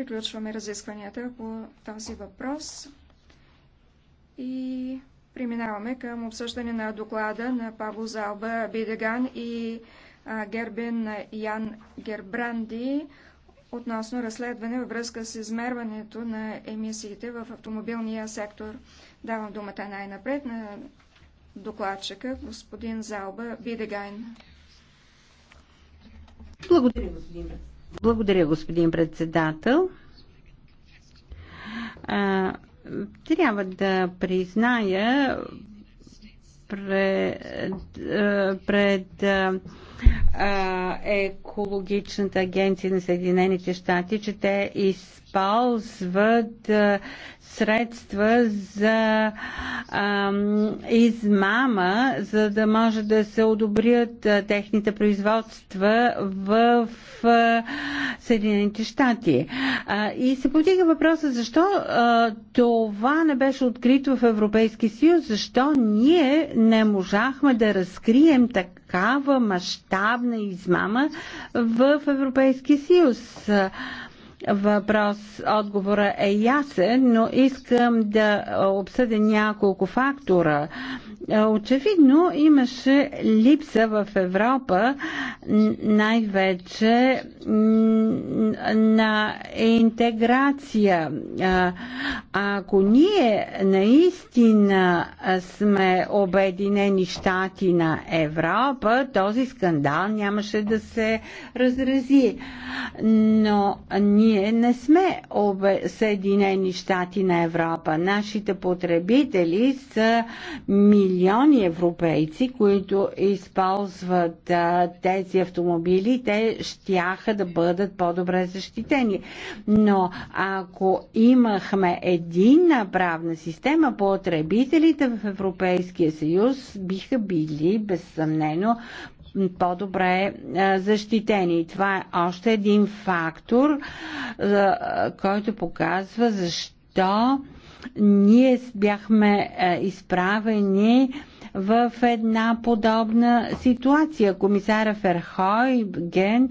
Приключваме разискванията по този въпрос и преминаваме към обсъждане на доклада на Павло Залба Бидеган и Гербен Ян Гербранди относно разследване във връзка с измерването на емисиите в автомобилния сектор. Давам думата най-напред на докладчика, господин Залба Бидегайн. Благодаря, господин председател. Благодаря, господин председател. А, трябва да призная пред, пред екологичната агенция на Съединените щати, че те използват средства за измама, за да може да се одобрят техните производства в Съединените щати. И се повдига въпроса защо това не беше открито в Европейски съюз, защо ние не можахме да разкрием такава мащаба мащабна измама в Европейския съюз. Въпрос, отговора е ясен, но искам да обсъдя няколко фактора Очевидно имаше липса в Европа най-вече на интеграция. Ако ние наистина сме обединени щати на Европа, този скандал нямаше да се разрази. Но ние не сме Съединени щати на Европа. Нашите потребители са милиони милиони европейци, които използват а, тези автомобили, те щяха да бъдат по-добре защитени. Но ако имахме единна правна система, потребителите в Европейския съюз биха били безсъмнено по-добре защитени. Това е още един фактор, който показва защо ние бяхме е, изправени в една подобна ситуация. Комисара Ген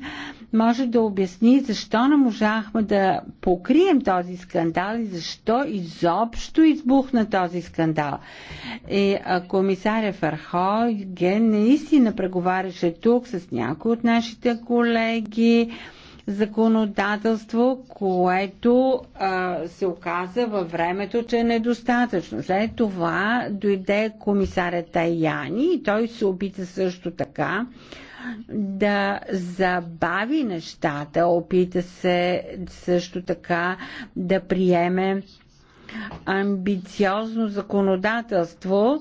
може да обясни защо не можахме да покрием този скандал и защо изобщо избухна този скандал. И е, комисаря Ген наистина преговаряше тук с някои от нашите колеги, законодателство, което а, се оказа във времето, че е недостатъчно. След това дойде комисарят Таяни и той се опита също така да забави нещата, опита се също така да приеме амбициозно законодателство,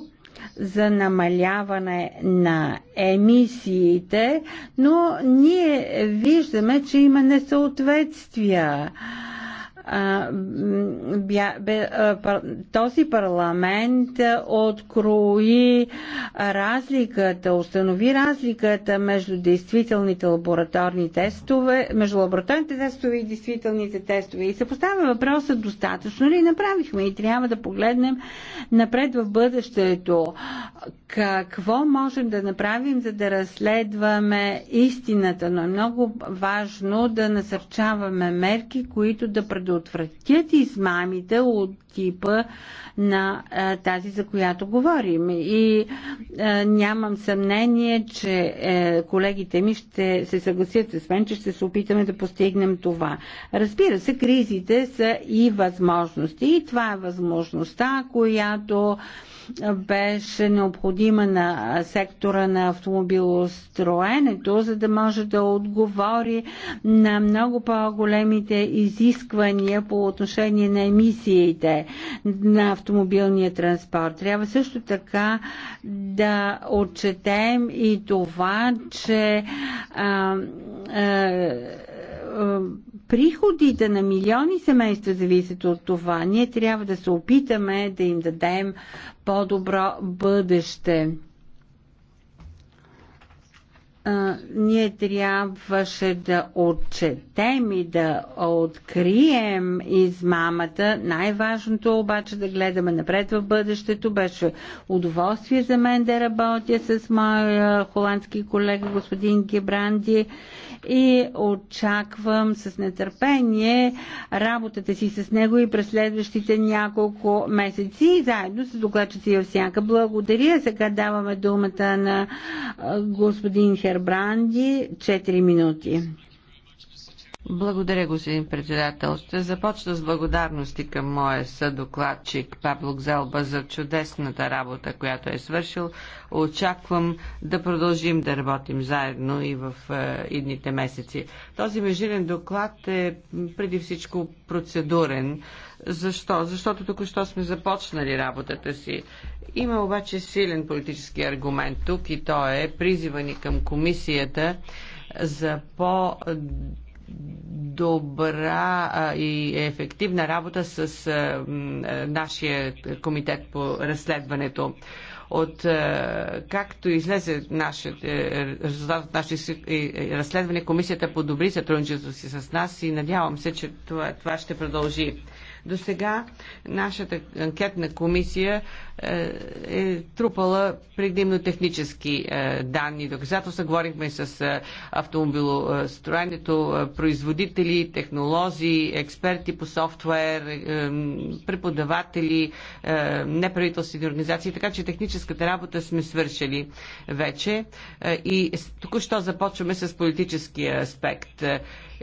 за намаляване на емисиите, но ние виждаме, че има несъответствия този парламент открои разликата, установи разликата между действителните лабораторни тестове, между лабораторните тестове и действителните тестове. И се поставя въпроса достатъчно ли направихме и трябва да погледнем напред в бъдещето. Какво можем да направим, за да разследваме истината, но е много важно да насърчаваме мерки, които да предотвратят предотвратят измамите от типа на а, е, тази, за която говорим. И а, е, нямам съмнение, че е, колегите ми ще се съгласят с мен, че ще се опитаме да постигнем това. Разбира се, кризите са и възможности. И това е възможността, която беше необходима на сектора на автомобилостроенето, за да може да отговори на много по-големите изисквания по отношение на емисиите на автомобилния транспорт. Трябва също така да отчетем и това, че а, а, а Приходите на милиони семейства зависят от това. Ние трябва да се опитаме да им дадем по-добро бъдеще ние трябваше да отчетем и да открием измамата. Най-важното обаче да гледаме напред в бъдещето. Беше удоволствие за мен да работя с моя холандски колега господин Гебранди и очаквам с нетърпение работата си с него и през следващите няколко месеци, заедно с докладчици в всяка. Благодаря. Сега даваме думата на господин Хербранди. 4 минути. Благодаря, господин председател. Ще започна с благодарности към моя съдокладчик Пабло Гзелба за чудесната работа, която е свършил. Очаквам да продължим да работим заедно и в е, идните месеци. Този межирен доклад е преди всичко процедурен. Защо? Защото току-що сме започнали работата си. Има обаче силен политически аргумент тук и то е призива ни към комисията за по добра и ефективна работа с нашия комитет по разследването от както излезе е, резултат от нашето разследване, комисията подобри сътрудничеството си с нас и надявам се, че това, това ще продължи. До сега нашата анкетна комисия е, е трупала предимно технически е, данни и доказателства. Говорихме с е, автомобилостроенето, производители, технологии, експерти по софтуер, преподаватели, неправителствени организации, така че техническата работа сме свършили вече и току-що започваме с политическия аспект.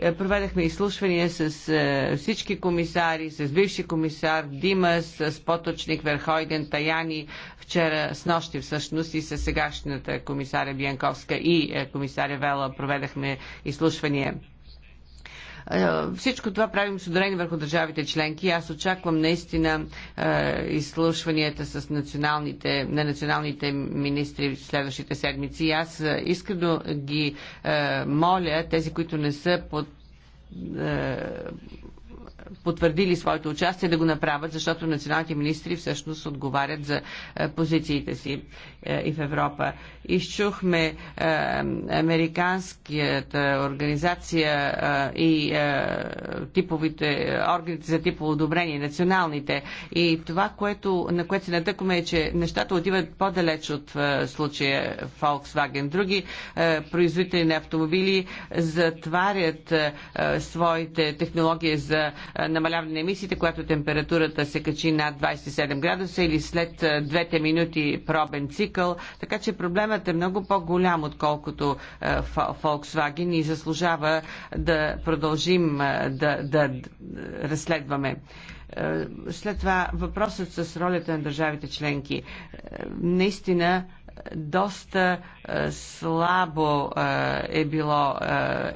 Е, проведахме изслушвания с е, всички комисари, с бивши комисар Димас, с поточник Верхойден Таяни, вчера с нощи всъщност и с сегашната комисаря Бянковска и е, комисаря Вела проведахме изслушвания. Е, всичко това правим с ударение върху държавите членки. Аз очаквам наистина е, изслушванията с националните, на националните министри в следващите седмици. Аз е, искрено ги моля, тези, които не са под потвърдили своето участие да го направят, защото националните министри всъщност отговарят за е, позициите си е, и в Европа. Изчухме е, американската организация и типовите, органите за типово одобрение, националните. И това, което, на което се натъкваме е, че нещата отиват по-далеч от случая Volkswagen. Други производители на автомобили затварят своите технологии за е, намаляване на емисиите, когато температурата се качи над 27 градуса или след е, двете минути пробен цикъл. Така че проблемът е много по-голям, отколкото е, Volkswagen и заслужава да продължим да, да разследваме. След това въпросът с ролята на държавите членки. Наистина доста е, слабо е, е било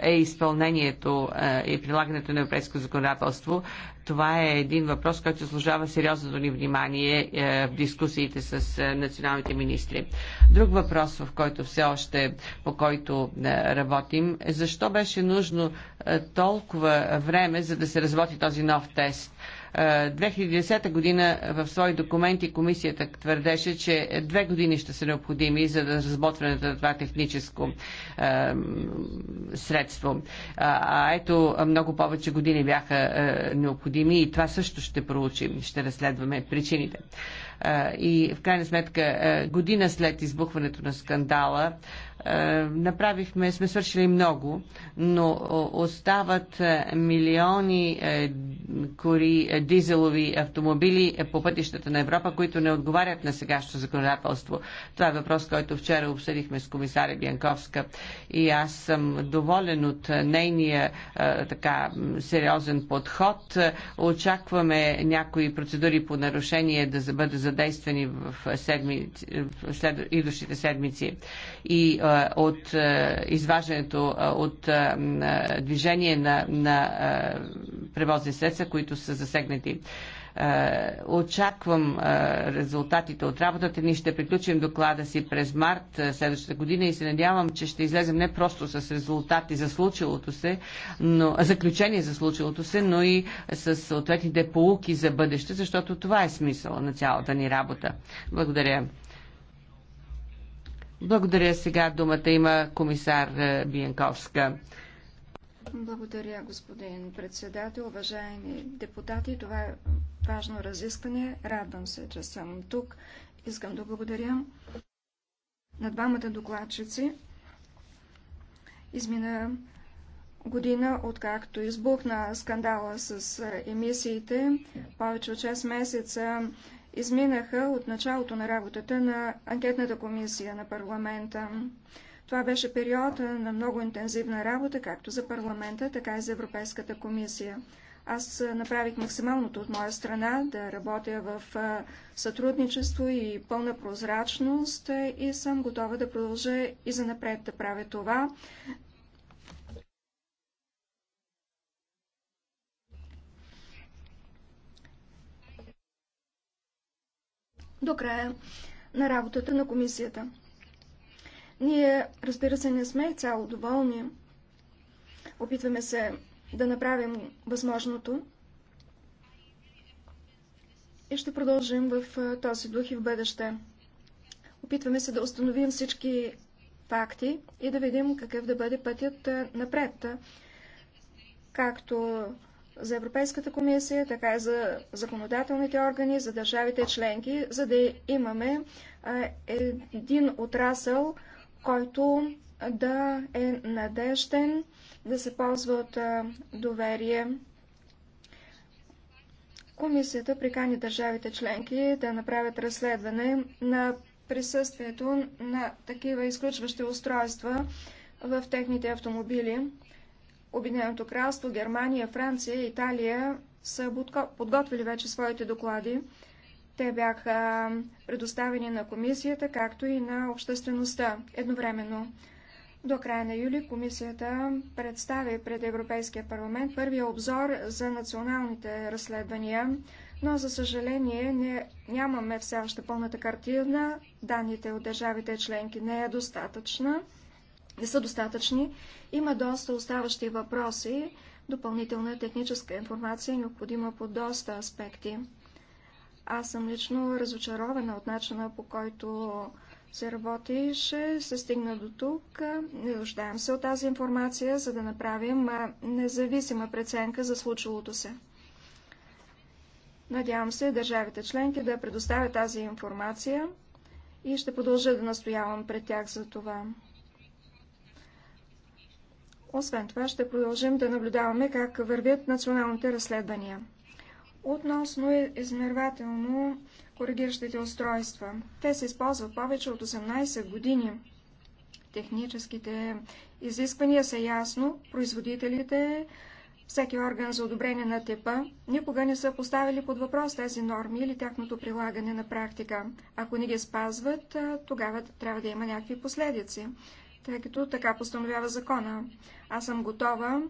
е, е изпълнението и прилагането на европейско законодателство. Това е един въпрос, който служава сериозното ни внимание в дискусиите с националните министри. Друг въпрос, в който все още по който работим, е защо беше нужно толкова време, за да се разводи този нов тест? 2010 е, година в свои документи комисията твърдеше, че две години ще са необходими за да разработването на това техническо е, средство. А ето много повече години бяха е, необходими и това също ще проучим, ще разследваме причините и в крайна сметка година след избухването на скандала е, направихме, сме свършили много, но остават е, милиони е, кори дизелови автомобили по пътищата на Европа, които не отговарят на сегашното законодателство. Това е въпрос, който вчера обсъдихме с комисаря Бянковска и аз съм доволен от нейния така сериозен подход. Очакваме някои процедури по нарушение да бъдат задействани в, седми... в след, идущите седмици. И е, от е, изваждането е, от движение на, на превозни средства, които са засегнати. Очаквам резултатите от работата ние Ще приключим доклада си през март следващата година и се надявам, че ще излезем не просто с резултати за случилото се, но, заключение за случилото се, но и с съответните полуки за бъдеще, защото това е смисъл на цялата ни работа. Благодаря. Благодаря. Сега думата има комисар е, Биенковска. Благодаря, господин председател. Уважаеми депутати, това е важно разискване. Радвам се, че съм тук. Искам да благодаря на двамата докладчици. Измина година, откакто избухна скандала с е, емисиите. Повече от 6 месеца изминаха от началото на работата на анкетната комисия на парламента. Това беше период на много интензивна работа, както за парламента, така и за Европейската комисия. Аз направих максималното от моя страна да работя в сътрудничество и пълна прозрачност и съм готова да продължа и за напред да правя това, до края на работата на комисията. Ние, разбира се, не сме цяло доволни. Опитваме се да направим възможното и ще продължим в този дух и в бъдеще. Опитваме се да установим всички факти и да видим какъв да бъде пътят напред. Както за Европейската комисия, така и за законодателните органи, за държавите членки, за да имаме един отрасъл, който да е надежден, да се ползва от доверие. Комисията прикани държавите членки да направят разследване на присъствието на такива изключващи устройства в техните автомобили Обединеното кралство, Германия, Франция, Италия са подготвили вече своите доклади. Те бяха предоставени на комисията, както и на обществеността едновременно. До края на юли комисията представи пред Европейския парламент първия обзор за националните разследвания, но за съжаление не, нямаме все още пълната картина. Данните от държавите членки не е достатъчна не са достатъчни. Има доста оставащи въпроси, допълнителна техническа информация е необходима по доста аспекти. Аз съм лично разочарована от начина по който се работеше, се стигна до тук. Не нуждаем се от тази информация, за да направим независима преценка за случилото се. Надявам се държавите членки да предоставят тази информация и ще продължа да настоявам пред тях за това. Освен това, ще продължим да наблюдаваме как вървят националните разследвания. Относно е- измервателно коригиращите устройства. Те се използват повече от 18 години. Техническите изисквания са ясно. Производителите, всеки орган за одобрение на ТЕПА, никога не са поставили под въпрос тези норми или тяхното прилагане на практика. Ако не ги спазват, тогава трябва да има някакви последици тъй като така постановява закона. Аз съм готова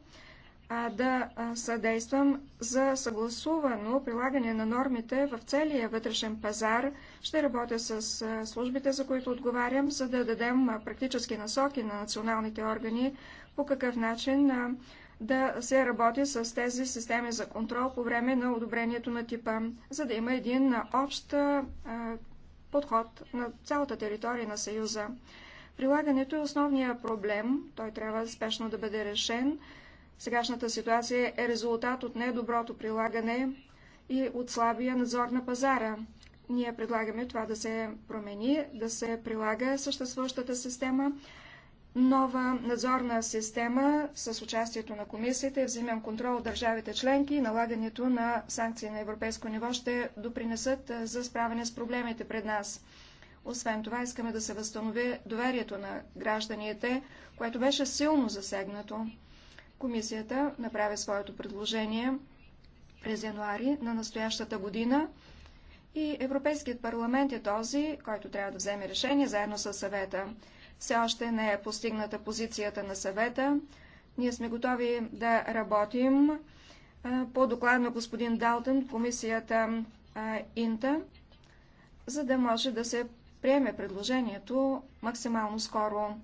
а, да съдействам за съгласувано прилагане на нормите в целия вътрешен пазар. Ще работя с службите, за които отговарям, за да дадем практически насоки на националните органи по какъв начин да се работи с тези системи за контрол по време на одобрението на типа, за да има един общ подход на цялата територия на Съюза. Прилагането е основният проблем. Той трябва спешно да бъде решен. Сегашната ситуация е резултат от недоброто прилагане и от слабия надзор на пазара. Ние предлагаме това да се промени, да се прилага съществуващата система, нова надзорна система с участието на комисията е и контрол от държавите членки и налагането на санкции на европейско ниво ще допринесат за справяне с проблемите пред нас. Освен това, искаме да се възстанови доверието на гражданите, което беше силно засегнато. Комисията направи своето предложение през януари на настоящата година и Европейският парламент е този, който трябва да вземе решение заедно с съвета. Все още не е постигната позицията на съвета. Ние сме готови да работим по доклад на господин Далтън, комисията Инта, за да може да се приеме предложението максимално скоро.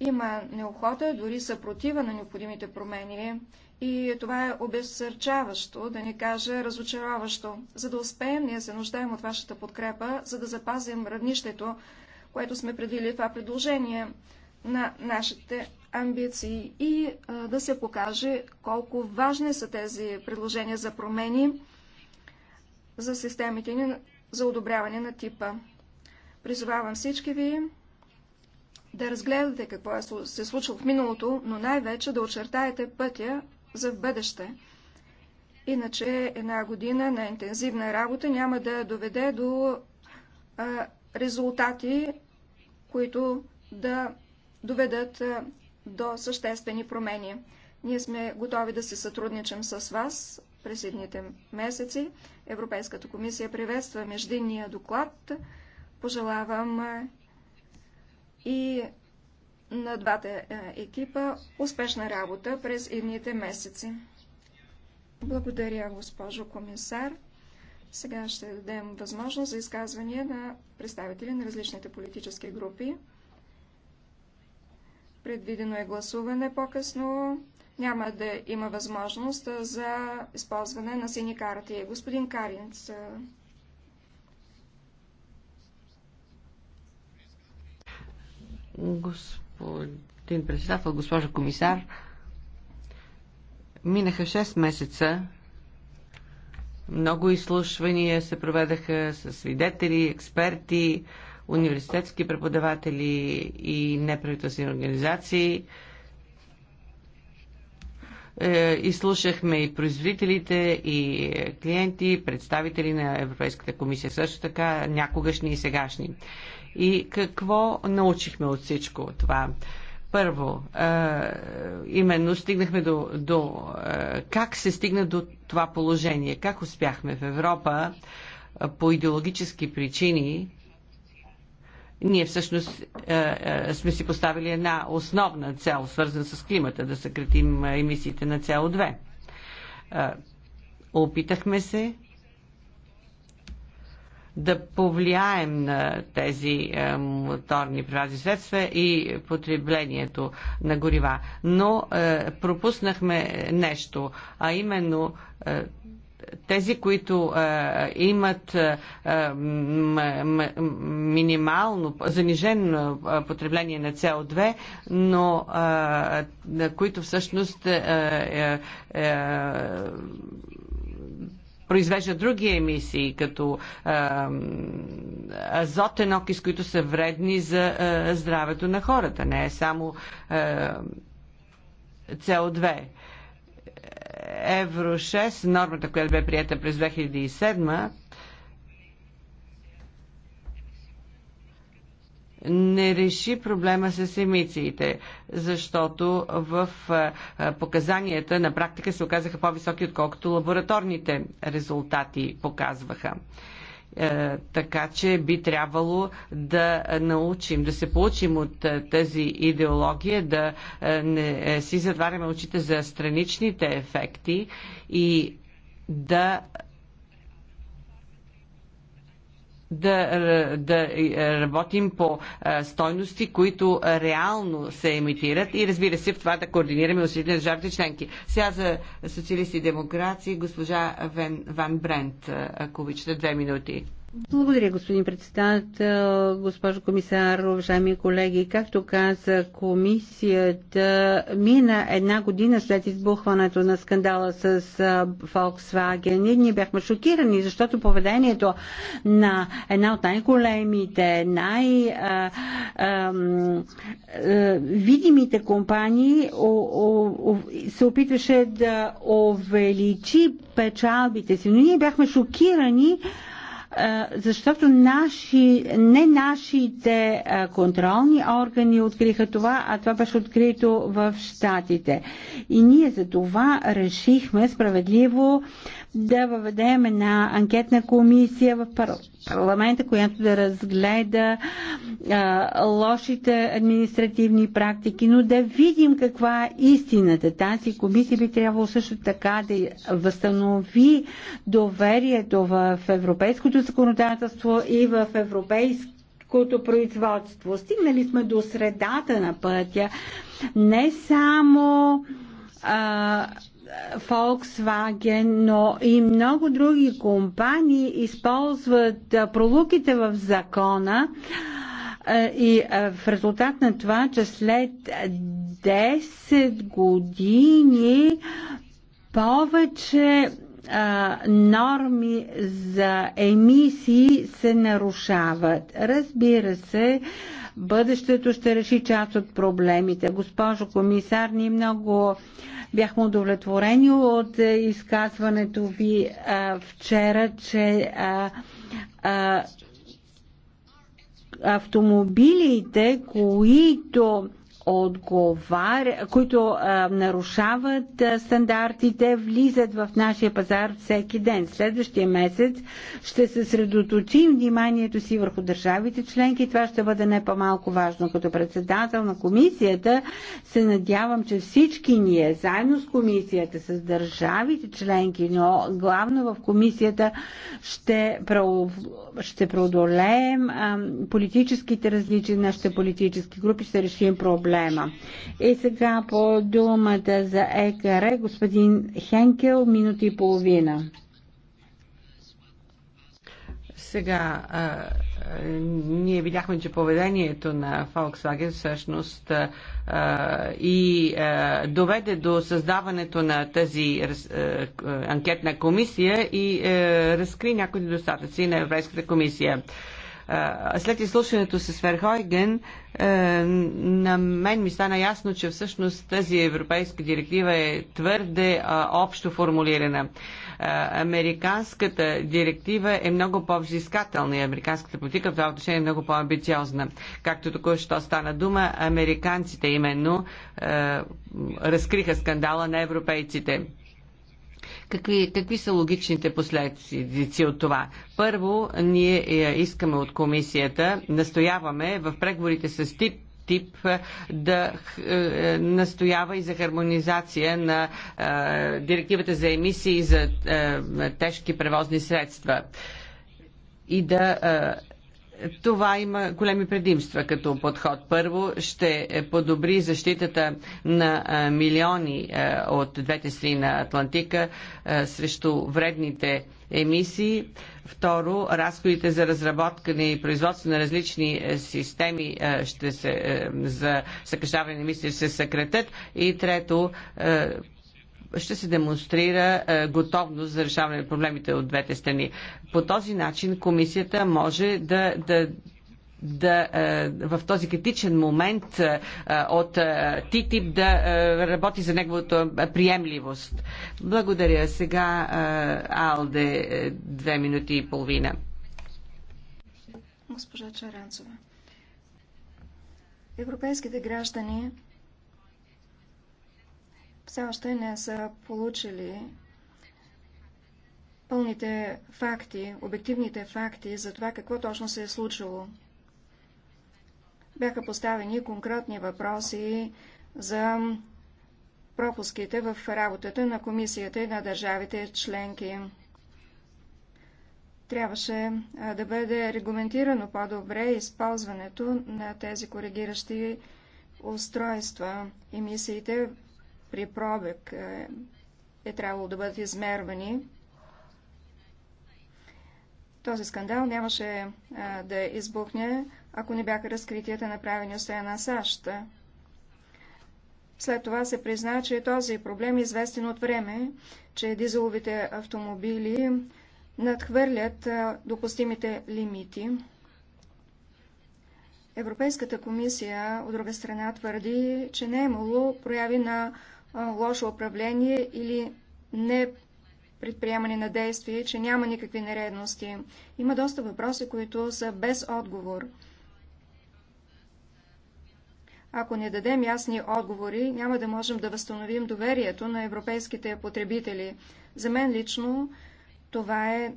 Има неохота, дори съпротива на необходимите промени и това е обезсърчаващо, да не кажа разочароващо. За да успеем, ние се нуждаем от вашата подкрепа, за да запазим равнището, което сме предвидили това предложение на нашите амбиции и а, да се покаже колко важни са тези предложения за промени за системите ни за одобряване на типа. Призовавам всички ви да разгледате какво е се случило в миналото, но най-вече да очертаете пътя за в бъдеще. Иначе една година на интензивна работа няма да доведе до а, резултати, които да доведат а, до съществени промени. Ние сме готови да се сътрудничим с вас през едните месеци. Европейската комисия приветства междинния доклад. Пожелавам е, и на двата е, екипа успешна работа през едните месеци. Благодаря, госпожо комисар. Сега ще дадем възможност за изказване на представители на различните политически групи. Предвидено е гласуване по-късно. Няма да има възможност за използване на сини карти. Господин Каринц е, Господин председател, госпожо комисар, минаха 6 месеца. Много изслушвания се проведаха с свидетели, експерти, университетски преподаватели и неправителствени организации. Е, изслушахме и производителите, и клиенти, представители на Европейската комисия също така, някогашни и сегашни. И какво научихме от всичко това? Първо, е, именно стигнахме до, до е, как се стигна до това положение, как успяхме в Европа по идеологически причини ние всъщност е, е, сме си поставили една основна цел, свързана с климата, да съкратим е, емисиите на СО2. Е, опитахме се да повлияем на тези е, моторни превазни средства и потреблението на горива. Но е, пропуснахме нещо, а именно е, тези, които а, имат е, минимално, занижено потребление на СО2, но на които всъщност е, произвежда други емисии, като а, азотен окис, които са вредни за а, здравето на хората. Не е само а, CO2. Евро 6, нормата, която бе прията през 2007, не реши проблема с емициите, защото в показанията на практика се оказаха по-високи, отколкото лабораторните резултати показваха. Е, така че би трябвало да научим, да се получим от е, тази идеология, да е, не си затваряме очите за страничните ефекти и да да, да работим по стойности, които реално се емитират и разбира се в това да координираме усилите на държавите членки. Сега за социалисти и демокрации госпожа Вен, Ван Брент, ако обичате, две минути. Благодаря, господин председател, госпожо комисар, уважаеми колеги. Както каза комисията, мина една година след избухването на скандала с Volkswagen и ние бяхме шокирани, защото поведението на една от най-големите, най-видимите компании се опитваше да увеличи печалбите си. Но ние бяхме шокирани защото наши, не нашите контролни органи откриха това, а това беше открито в Штатите. И ние за това решихме справедливо да въведем една анкетна комисия в парламента, която да разгледа а, лошите административни практики, но да видим каква е истината. Тази комисия би трябвало също така да възстанови доверието в европейското законодателство и в европейско селското производство. Стигнали сме до средата на пътя. Не само а, Volkswagen, но и много други компании използват пролуките в закона и в резултат на това, че след 10 години повече норми за емисии се нарушават. Разбира се, Бъдещето ще реши част от проблемите. Госпожо комисар, ние много бяхме удовлетворени от изказването ви а, вчера, че а, а, автомобилите, които отговаря, които а, нарушават а, стандартите, влизат в нашия пазар всеки ден. Следващия месец ще съсредоточим вниманието си върху държавите членки. Това ще бъде не по-малко важно. Като председател на комисията се надявам, че всички ние, заедно с комисията, с държавите членки, но главно в комисията ще ще преодолеем политическите различия, нашите политически групи, ще решим проблема. И сега по думата за ЕКР, господин Хенкел, минута и половина. Сега е, ние видяхме, че поведението на Volkswagen всъщност е, и е, доведе до създаването на тази анкетна комисия и разкри някои недостатъци на Европейската комисия след изслушването с Верхойген, на мен ми стана ясно, че всъщност тази европейска директива е твърде общо формулирана. Американската директива е много по-взискателна и американската политика в това отношение е много по-амбициозна. Както току-що стана дума, американците именно разкриха скандала на европейците. Какви, какви са логичните последици от това? Първо, ние е, искаме от комисията, настояваме в преговорите с ТИП тип е, да е, настоява и за хармонизация на е, директивата за емисии за тежки превозни средства. И да това има големи предимства като подход. Първо ще подобри защитата на милиони от двете страни на Атлантика срещу вредните емисии Второ, разходите за разработкане и производство на различни е, системи е, ще се, е, за съкрещаване на мисли ще се съкретят. И трето, ще се демонстрира готовност за решаване на проблемите от двете страни. По този начин комисията може да, да да, е, в този критичен момент е, от е, ТИТИП да работи за неговото приемливост. Благодаря. Сега Алде две минути и половина. Госпожа Чаранцова. Европейските граждани все още не са получили пълните факти, обективните факти за това какво точно се е случило бяха поставени конкретни въпроси за пропуските в работата на комисията и на държавите членки. Трябваше да бъде регламентирано по-добре използването на тези коригиращи устройства. Емисиите при пробег е, е трябвало да бъдат измервани този скандал нямаше а, да избухне, ако не бяха разкритията направени от страна САЩ. След това се призна, че този проблем е известен от време, че дизеловите автомобили надхвърлят допустимите лимити. Европейската комисия, от друга страна, твърди, че не е имало прояви на лошо управление или не предприемане на действия, че няма никакви нередности. Има доста въпроси, които са без отговор. Ако не дадем ясни отговори, няма да можем да възстановим доверието на европейските потребители. За мен лично това е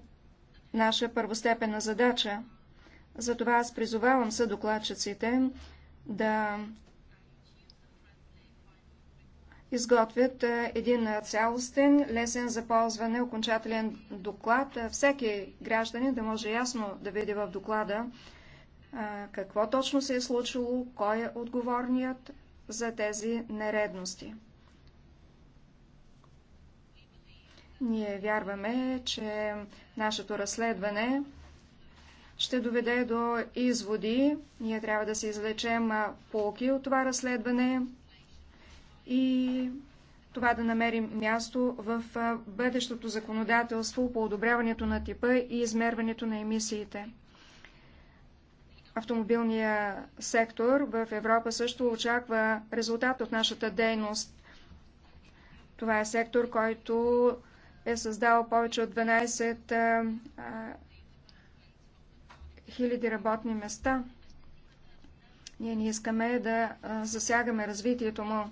наша първостепенна задача. Затова аз призовавам съдокладчиците да изготвят е, един е, цялостен, лесен за ползване, окончателен доклад. Е, всеки гражданин да може ясно да види в доклада какво точно се е случило, кой е отговорният за тези нередности. Ние вярваме, че нашето разследване ще доведе до изводи. Ние трябва да се излечем полки от това разследване, и това да намерим място в бъдещото законодателство по одобряването на типа и измерването на емисиите. Автомобилния сектор в Европа също очаква резултат от нашата дейност. Това е сектор, който е създал повече от 12 000 работни места. Ние не искаме да засягаме развитието му.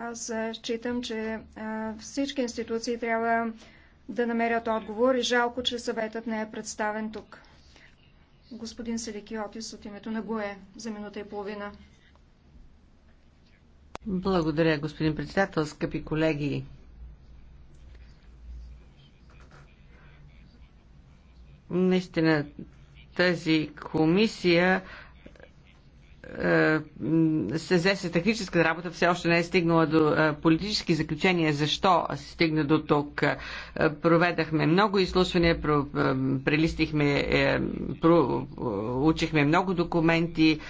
Аз считам, че всички институции трябва да намерят отговор и жалко, че съветът не е представен тук. Господин Селикиотис от името на ГОЕ за минута и половина. Благодаря, господин председател, скъпи колеги. Наистина тази комисия е, се взе с техническа работа, все още не е стигнала до е, политически заключения, защо се стигна до тук. Е, проведахме много изслушвания, прелистихме, учихме много документи,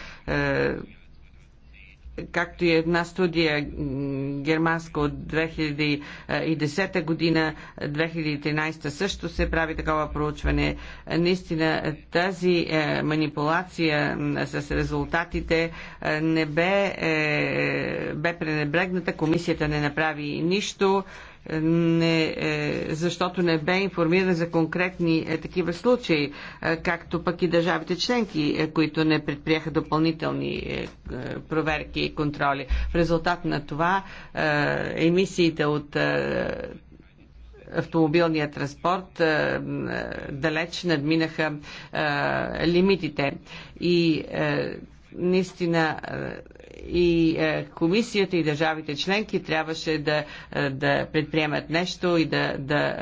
както и една студия германска от 2010 година, 2013 също се прави такова проучване. Наистина тази е, манипулация с резултатите е, не бе, е, бе пренебрегната, комисията не направи нищо не, е, защото не бе информиран за конкретни е, такива случаи, е, както пък и държавите членки, които не предприеха допълнителни проверки и контроли. В резултат на това емисиите от автомобилния транспорт далеч надминаха лимитите. И наистина е, и е, комисията и държавите членки трябваше да, е, да предприемат нещо и да, да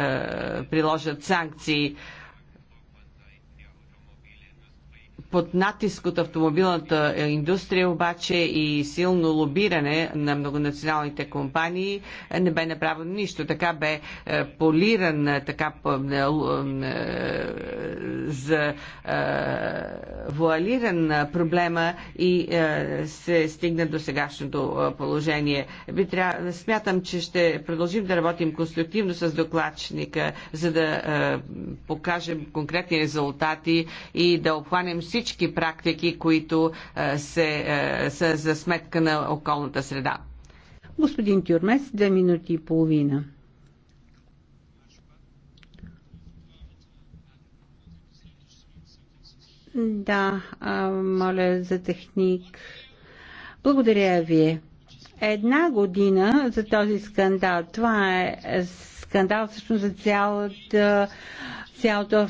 приложат санкции под натиск от автомобилната индустрия, обаче и силно лобиране на многонационалните компании е, не бе направено нищо. Така бе е, полиран, е, така за вуалиран проблема и се стигна до сегашното положение. смятам, че ще продължим да работим конструктивно с докладчника, за да покажем конкретни резултати и да обхванем всички всички практики, които е, се, е, са за сметка на околната среда. Господин Тюрмес, две минути и половина. Да, а, моля за техник. Благодаря ви. Една година за този скандал. Това е скандал всъщност за цялата Да цялото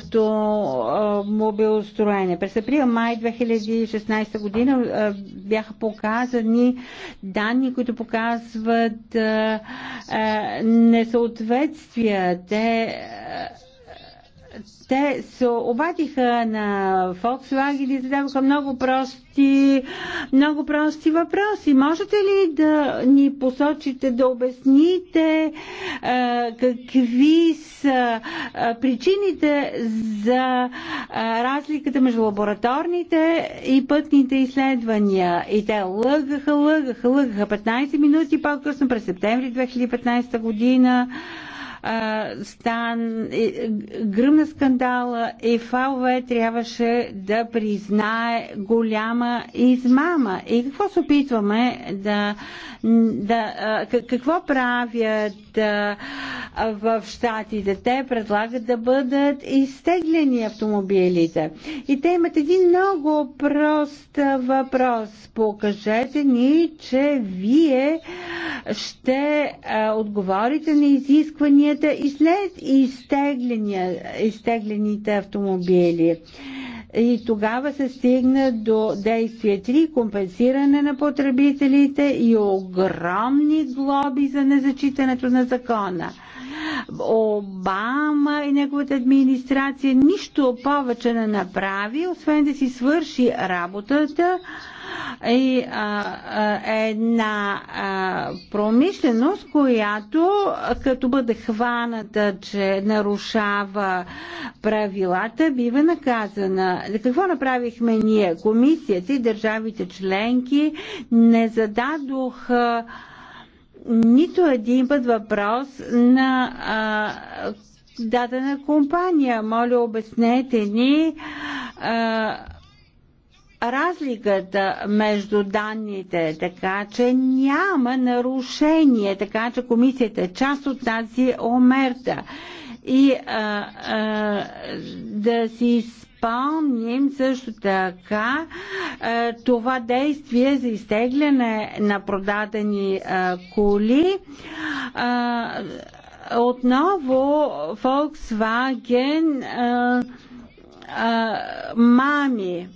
строение. През април-май 2016 година бяха показани данни, които показват несъответствия. Те те се обадиха на Volkswagen и зададоха много прости, много прости въпроси. Можете ли да ни посочите, да обясните а, е, какви са а, е, причините за а, е, разликата между лабораторните и пътните изследвания? И те лъгаха, лъгаха, лъгаха 15 минути по-късно през септември 2015 година стан, е, гръмна скандала и ФАОВ трябваше да признае голяма измама. И какво се опитваме да, да какво правят в щатите? Те предлагат да бъдат изтеглени автомобилите. И те имат един много прост въпрос. Покажете ни, че вие ще отговорите на изисквания изтеглянията и след изтеглените автомобили. И тогава се стигна до действие 3 компенсиране на потребителите и огромни глоби за незачитането на закона. Обама и неговата администрация нищо повече не направи, освен да си свърши работата и а, една а, промишленост, която като бъде хваната, че нарушава правилата, бива наказана. За какво направихме ние? Комисията и държавите членки не зададоха нито един път въпрос на а, дадена компания. Моля, обяснете ни а, разликата между данните, така че няма нарушение, така че комисията е част от тази омерта. И а, а, да си изпълним също така а, това действие за изтегляне на продадени а, коли. А, отново Volkswagen а, а, мами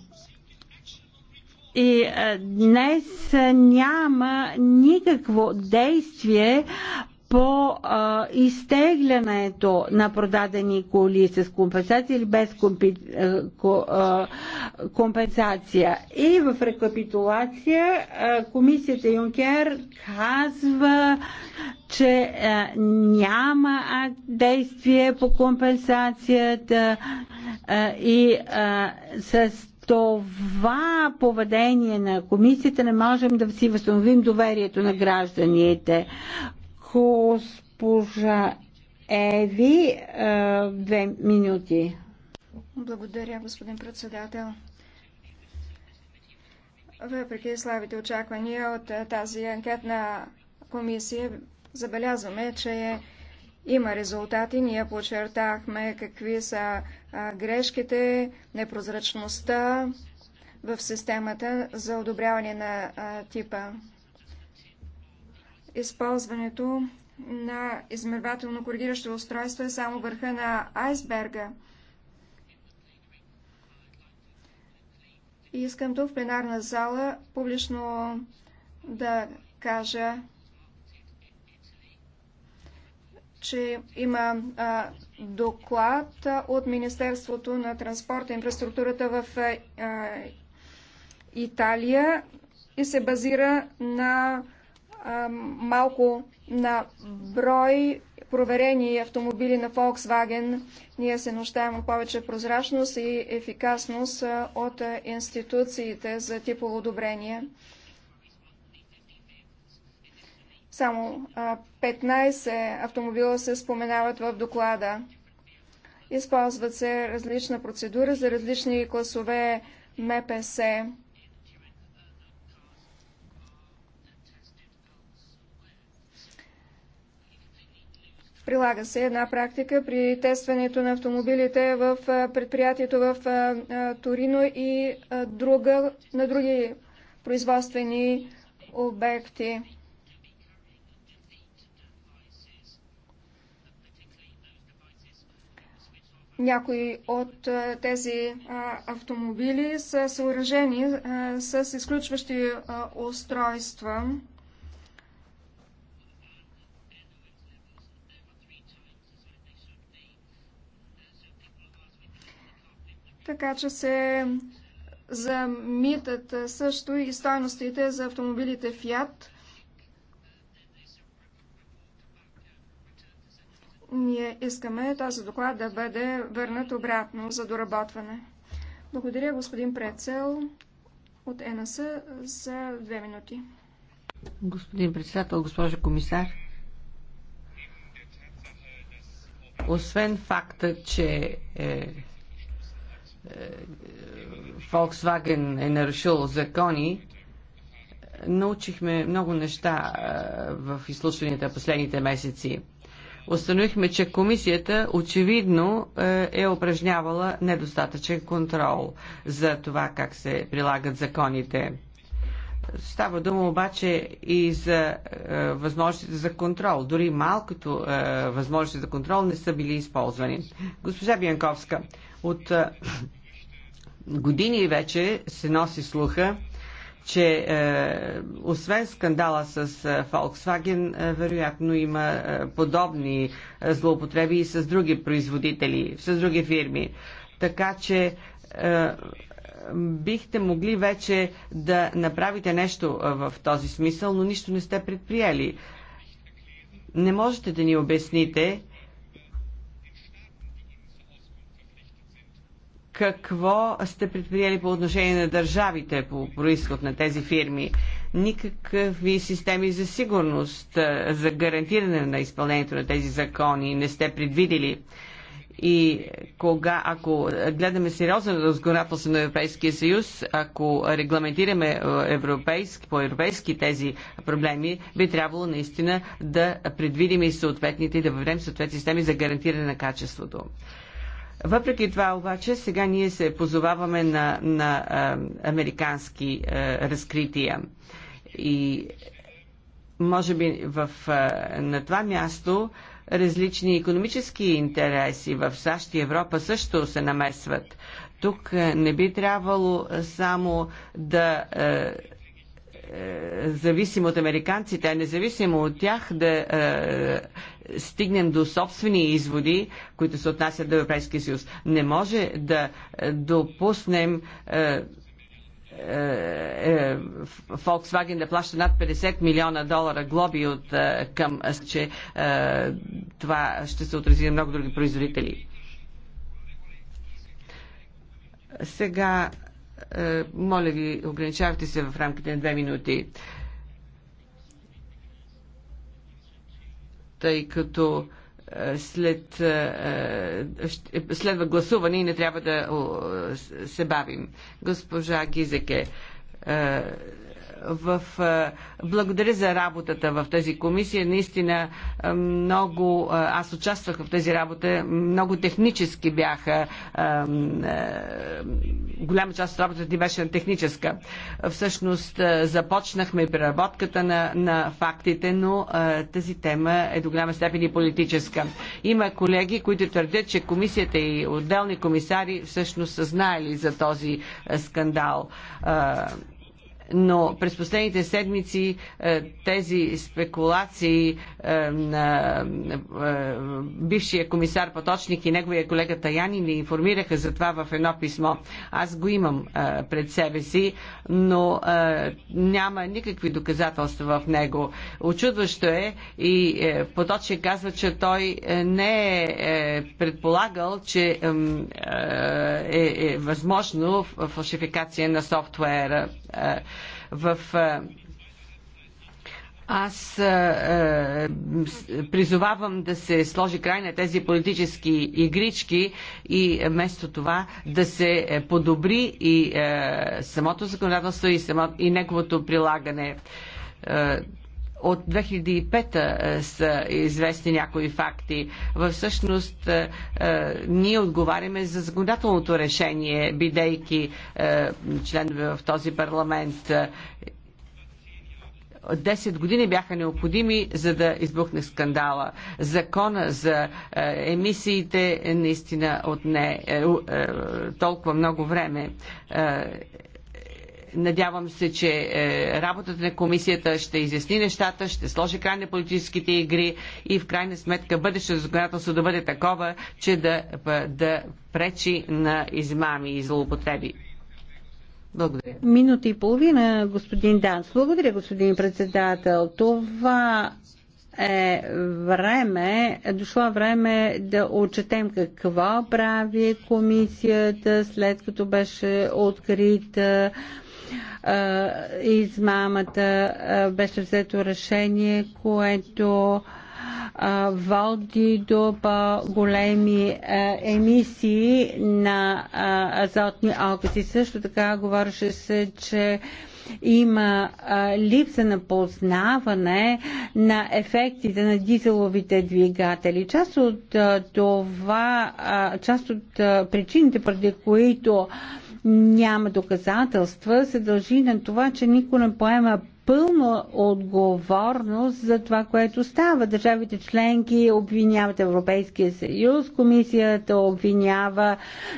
и е, днес няма никакво действие по а, е, изтеглянето на продадени коли с компенсация или без компи, а, е, компенсация. И в рекапитулация а, комисията Юнкер казва, че а, няма действие по компенсацията а, и а, с това поведение на комисията не можем да си възстановим доверието на гражданите. Госпожа Еви, е, две минути. Благодаря, господин председател. Въпреки слабите очаквания от е, тази анкетна комисия, забелязваме, че е. Има резултати, ние подчертахме какви са грешките, непрозрачността в системата за одобряване на типа. Използването на измервателно коригиращо устройство е само върха на айсберга. И искам тук в пленарна зала публично да кажа, че има а, доклад от Министерството на транспорта и инфраструктурата в а, Италия и се базира на а, малко на брой проверени автомобили на Volkswagen. Ние се нуждаем от повече прозрачност и ефикасност от институциите за типово одобрение. Само 15 автомобила се споменават в доклада. Използват се различна процедура за различни класове МПС. Прилага се една практика при тестването на автомобилите в предприятието в Торино и друга, на други производствени обекти. Някои от тези автомобили са съоръжени с изключващи устройства. Така че се замитат също и стойностите за автомобилите Fiat – Ние искаме този доклад да бъде върнат обратно за доработване. Благодаря, господин Прецел от ЕНС за две минути. Господин председател, госпожа комисар, освен факта, че е, е, Volkswagen е нарушил закони, научихме много неща е, в изслушванията последните месеци установихме, че комисията очевидно е, е упражнявала недостатъчен контрол за това как се прилагат законите. Става дума обаче и за е, възможностите за контрол. Дори малкото е, възможности за контрол не са били използвани. Госпожа Бянковска, от е, години вече се носи слуха, че е, освен скандала с е, Volkswagen, е, вероятно има е, подобни е, злоупотреби и с други производители, с други фирми. Така че е, бихте могли вече да направите нещо е, в този смисъл, но нищо не сте предприели. Не можете да ни обясните какво сте предприели по отношение на държавите по происход на тези фирми? Никакви системи за сигурност, за гарантиране на изпълнението на тези закони не сте предвидели. И кога, ако гледаме сериозно разгонателство на Европейския съюз, ако регламентираме европейски, по-европейски тези проблеми, би трябвало наистина да предвидим и съответните и да въведем съответни системи за гарантиране на качеството. Въпреки това обаче сега ние се позоваваме на, на а, американски а, разкрития. И може би в, а, на това място различни економически интереси в САЩ и Европа също се намесват. Тук не би трябвало само да е, е, зависим от американците, а независимо от тях да е, стигнем до собствени изводи, които се отнасят до Европейския съюз. Не може да е, допуснем е, е, Volkswagen да плаща над 50 милиона долара глоби от към, че това ще се отрази на много други производители. Сега, моля ви, ограничавайте се в рамките на две минути. тъй като е, след, е, е, следва гласуване и не трябва да се бавим. Госпожа Гизеке, в, е, благодаря за работата в тази комисия. Наистина е, много, е, аз участвах в тази работа, много технически бяха, голяма част от работата ти беше техническа. Всъщност започнахме преработката на, на фактите, но тази тема е до голяма степен и политическа. Има колеги, които твърдят, че комисията и отделни комисари всъщност са знаели за този скандал но през последните седмици е, тези спекулации е, на е, бившия комисар Поточник и неговия колега Таяни ни информираха за това в едно писмо. Аз го имам пред себе си, но няма никакви доказателства в него. Очудващо е и Поточник казва, че той не е предполагал, че е възможно фалшификация на софтуера в аз а, е, призовавам да се сложи край на тези политически игрички и вместо това да се подобри и а, е, самото законодателство и, само, и неговото прилагане. А, е, от 2005 е, са известни някои факти. Във всъщност е, е, ние отговаряме за законодателното решение, бидейки членове в този парламент. 10 години бяха необходими, за да избухне скандала. Закона за емисиите наистина отне толкова много време. Надявам се, че е, работата на комисията ще изясни нещата, ще сложи край на политическите игри и в крайна сметка бъдещето законодателство да бъде такова, че да, да пречи на измами и злоупотреби. Благодаря. Минута и половина, господин Данс. Благодаря, господин председател. Това е време, е дошло време да отчетем какво прави комисията, след като беше открита измамата. Беше взето решение, което води до големи емисии на азотни окиси. Също така говореше се, че има липса на познаване на ефектите на дизеловите двигатели. Част от това, част от причините, преди които няма доказателства, се дължи на това, че никой не поема пълна отговорност за това, което става. Държавите членки обвиняват Европейския съюз, комисията обвинява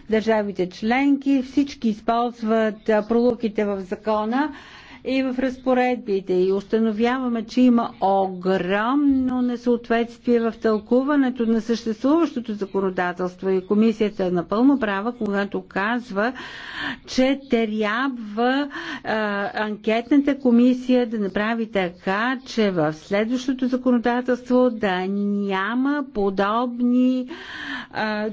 държавите членки, всички използват пролуките в закона, и в разпоредбите и установяваме, че има огромно несъответствие в тълкуването на съществуващото законодателство и комисията е напълно права, когато казва, че трябва а, анкетната комисия да направи така, че в следващото законодателство да няма подобни а,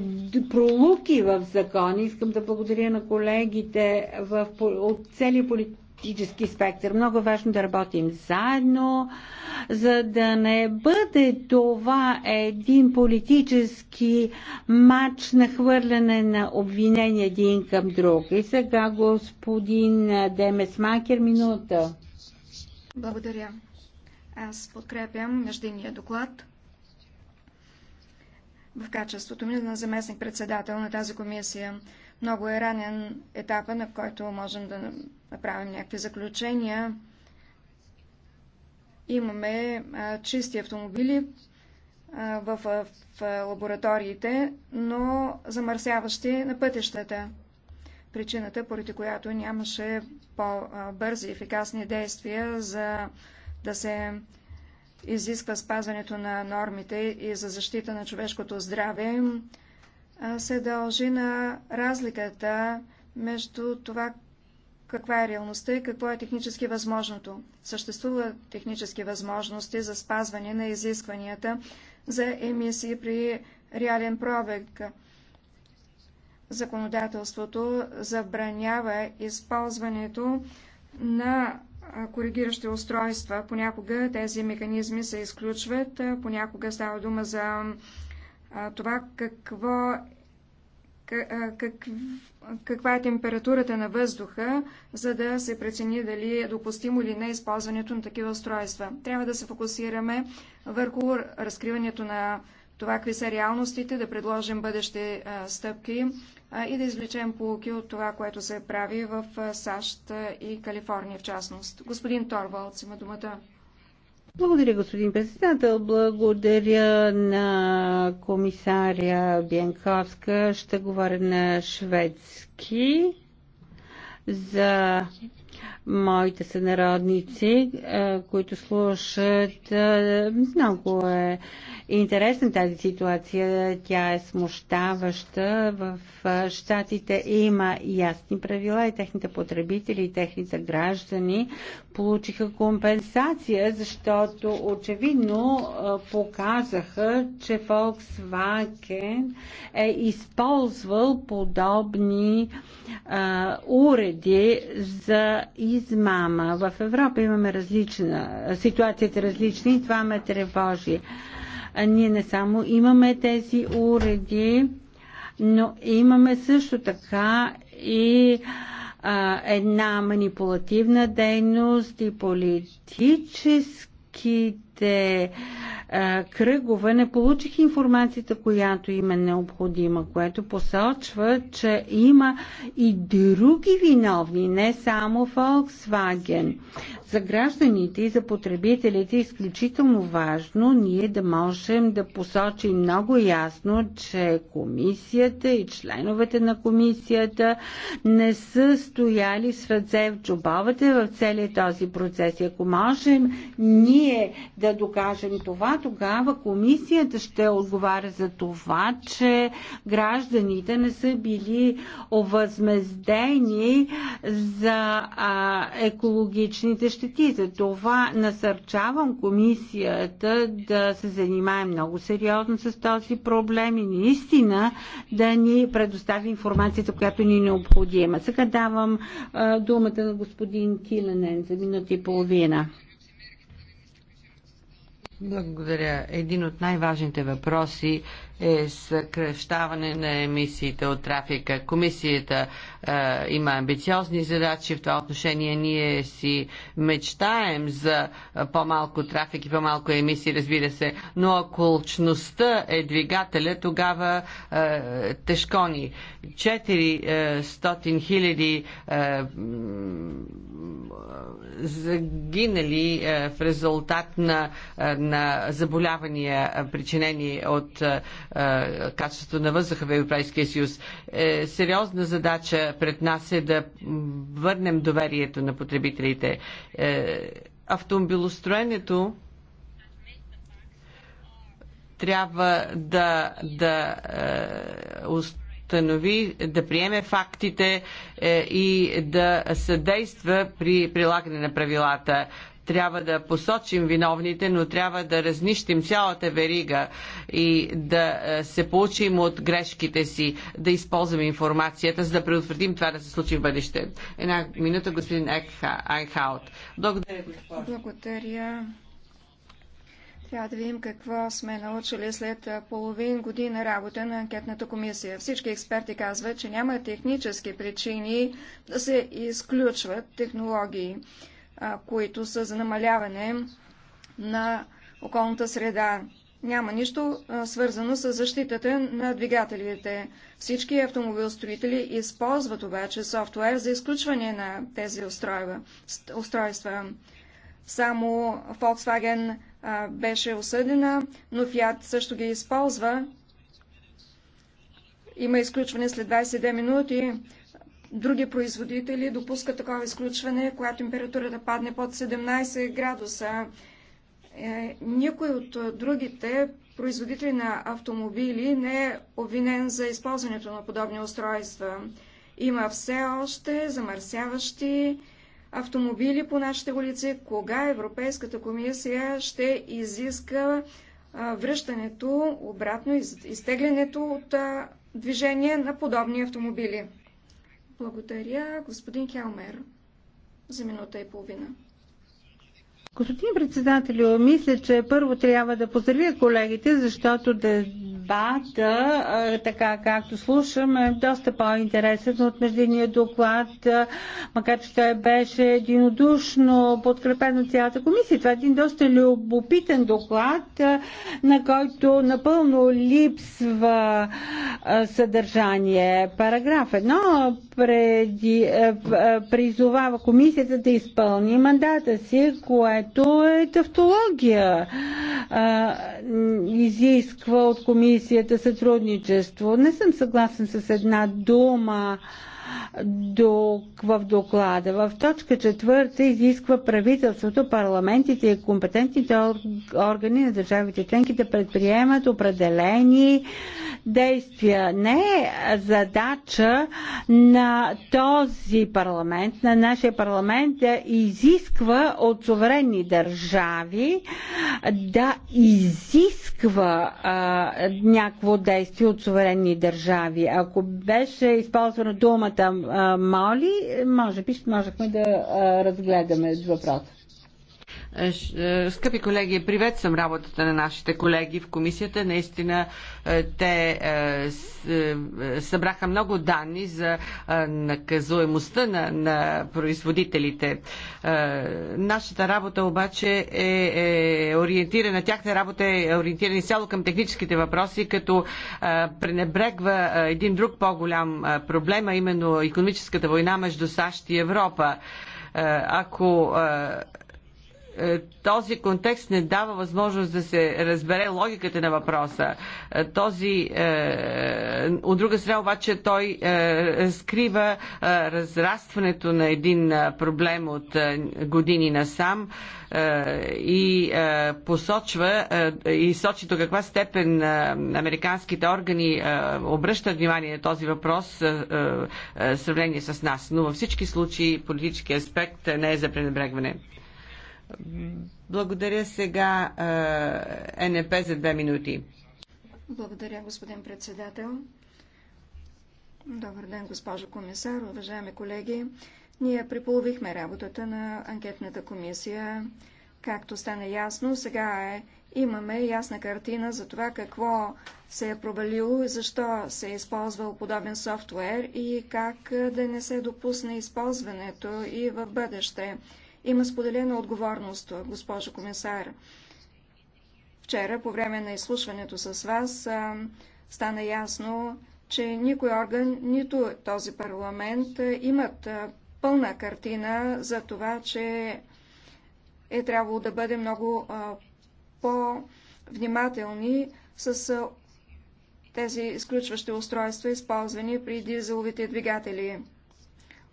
пролуки в закон. Искам да благодаря на колегите в, от целия политика политически спектър. Много е важно да работим заедно, за да не бъде това един политически матч на хвърляне на обвинения един към друг. И сега господин Демес Макер, минута. Благодаря. Аз подкрепям междинния доклад в качеството ми на заместник-председател на тази комисия. Много е ранен етапа, на който можем да направим някакви заключения. Имаме чисти автомобили в лабораториите, но замърсяващи на пътищата. Причината, поради която нямаше по-бързи и ефикасни действия за да се изисква спазването на нормите и за защита на човешкото здраве, се дължи на разликата между това, каква е реалността и какво е технически възможното. Съществуват технически възможности за спазване на изискванията за емисии при реален пробег. Законодателството забранява използването на коригиращи устройства. Понякога тези механизми се изключват, понякога става дума за това какво, как, каква е температурата на въздуха, за да се прецени дали е допустимо или не използването на такива устройства. Трябва да се фокусираме върху разкриването на това, какви са реалностите, да предложим бъдещи стъпки и да извлечем полуки от това, което се прави в САЩ и Калифорния в частност. Господин Торвалдс има думата. Благодаря, господин председател. Благодаря на комисаря Бянковска. Ще говоря на шведски за моите сънародници, които слушат. Много е интересна тази ситуация. Тя е смущаваща. В щатите има ясни правила и техните потребители, и техните граждани получиха компенсация, защото очевидно показаха, че Volkswagen е използвал подобни а, уреди за измама. В Европа имаме различна, ситуацията е различна и това ме тревожи. А, ние не само имаме тези уреди, но имаме също така и а, а, една манипулативна дейност и политическите а, кръгове не получих информацията, която им е необходима, което посочва, че има и други виновни, не само Volkswagen. За гражданите и за потребителите е изключително важно ние да можем да посочим много ясно, че комисията и членовете на комисията не са стояли с ръце в джобовете в целия този процес. И ако можем ние да докажем това, тогава комисията ще отговаря за това, че гражданите не са били овъзмездени за екологичните щети. За това насърчавам комисията да се занимае много сериозно с този проблем и наистина да ни предостави информацията, която ни е необходима. Сега давам а, думата на господин Киленен за минута и половина. Благодаря. Един от най-важните въпроси е съкръщаване на емисиите от трафика. Комисията е, има амбициозни задачи в това отношение. Ние си мечтаем за по-малко трафик и по-малко емисии, разбира се, но ако лчността е двигателя, тогава е, тежко ни. 400 е, хиляди е, загинали е, в резултат на, е, на заболявания, е, причинени от е, качеството на въздуха в Европейския съюз. Е, сериозна задача пред нас е да върнем доверието на потребителите. Е, автомобилостроенето трябва да, да е, установи, да приеме фактите е, и да съдейства при прилагане на правилата. Трябва да посочим виновните, но трябва да разнищим цялата верига и да е, се получим от грешките си, да използваме информацията, за да предотвратим това да се случи в бъдеще. Една минута, господин Айнхаут. Благодаря, господин. Благодаря. Трябва да видим какво сме научили след е, половин година работа на анкетната комисия. Всички експерти казват, че няма технически причини да се изключват технологии които са за намаляване на околната среда. Няма нищо свързано с защитата на двигателите. Всички автомобилстроители използват обаче софтуер за изключване на тези устройства. Само Volkswagen беше осъдена, но Fiat също ги използва. Има изключване след 22 минути други производители допускат такова изключване, когато температурата падне под 17 градуса. Е, никой от е, другите производители на автомобили не е обвинен за използването на подобни устройства. Има все още замърсяващи автомобили по нашите улици. Кога Европейската комисия ще изиска е, връщането, обратно изтеглянето от движение на подобни автомобили? Благодаря, господин Келмер, за минута и половина. Господин председателю, мисля, че първо трябва да поздравя колегите, защото да дебата, така както слушам, е доста по-интересен от междинния доклад, макар че той беше единодушно подкрепен от цялата комисия. Това е един доста любопитен доклад, на който напълно липсва съдържание. Параграф 1 преди, призовава комисията да изпълни мандата си, което е тавтология. Изисква от комисията комисията сътрудничество. Не съм съгласен с една дума в доклада. В точка четвърта изисква правителството, парламентите и компетентните органи на държавите членки да предприемат определени действия. Не е задача на този парламент, на нашия парламент да изисква от суверенни държави да изисква а, някакво действие от суверенни държави. Ако беше използвана думата а, моли, може би ще можехме да разгледаме въпроса. Е, е, скъпи колеги, приветствам работата на нашите колеги в комисията. Наистина е, те събраха много данни за наказуемостта на, на производителите. Нашата работа обаче е, е ориентирана, тяхната работа е ориентирана изцяло към техническите въпроси, като пренебрегва един друг по-голям проблем, а именно економическата война между САЩ и Европа. Ако е, този контекст не дава възможност да се разбере логиката на въпроса. Е, този, е, от друга страна обаче, той скрива разрастването на един проблем от години насам и посочва и сочи до каква степен американските органи обръщат внимание на този въпрос в сравнение с нас. Но във всички случаи политически аспект не е за пренебрегване. Благодаря сега е, НП за две минути. Благодаря, господин председател. Добър ден, госпожо комисар, уважаеми колеги. Ние приполовихме работата на анкетната комисия. Както стана ясно, сега е, имаме ясна картина за това какво се е провалило и защо се е използвал подобен софтуер и как да не се допусне използването и в бъдеще. Има споделена отговорност, госпожо комисар. Вчера, по време на изслушването с вас, стана ясно, че никой орган, нито този парламент имат пълна картина за това, че е трябвало да бъде много по-внимателни с тези изключващи устройства, използвани при дизеловите двигатели.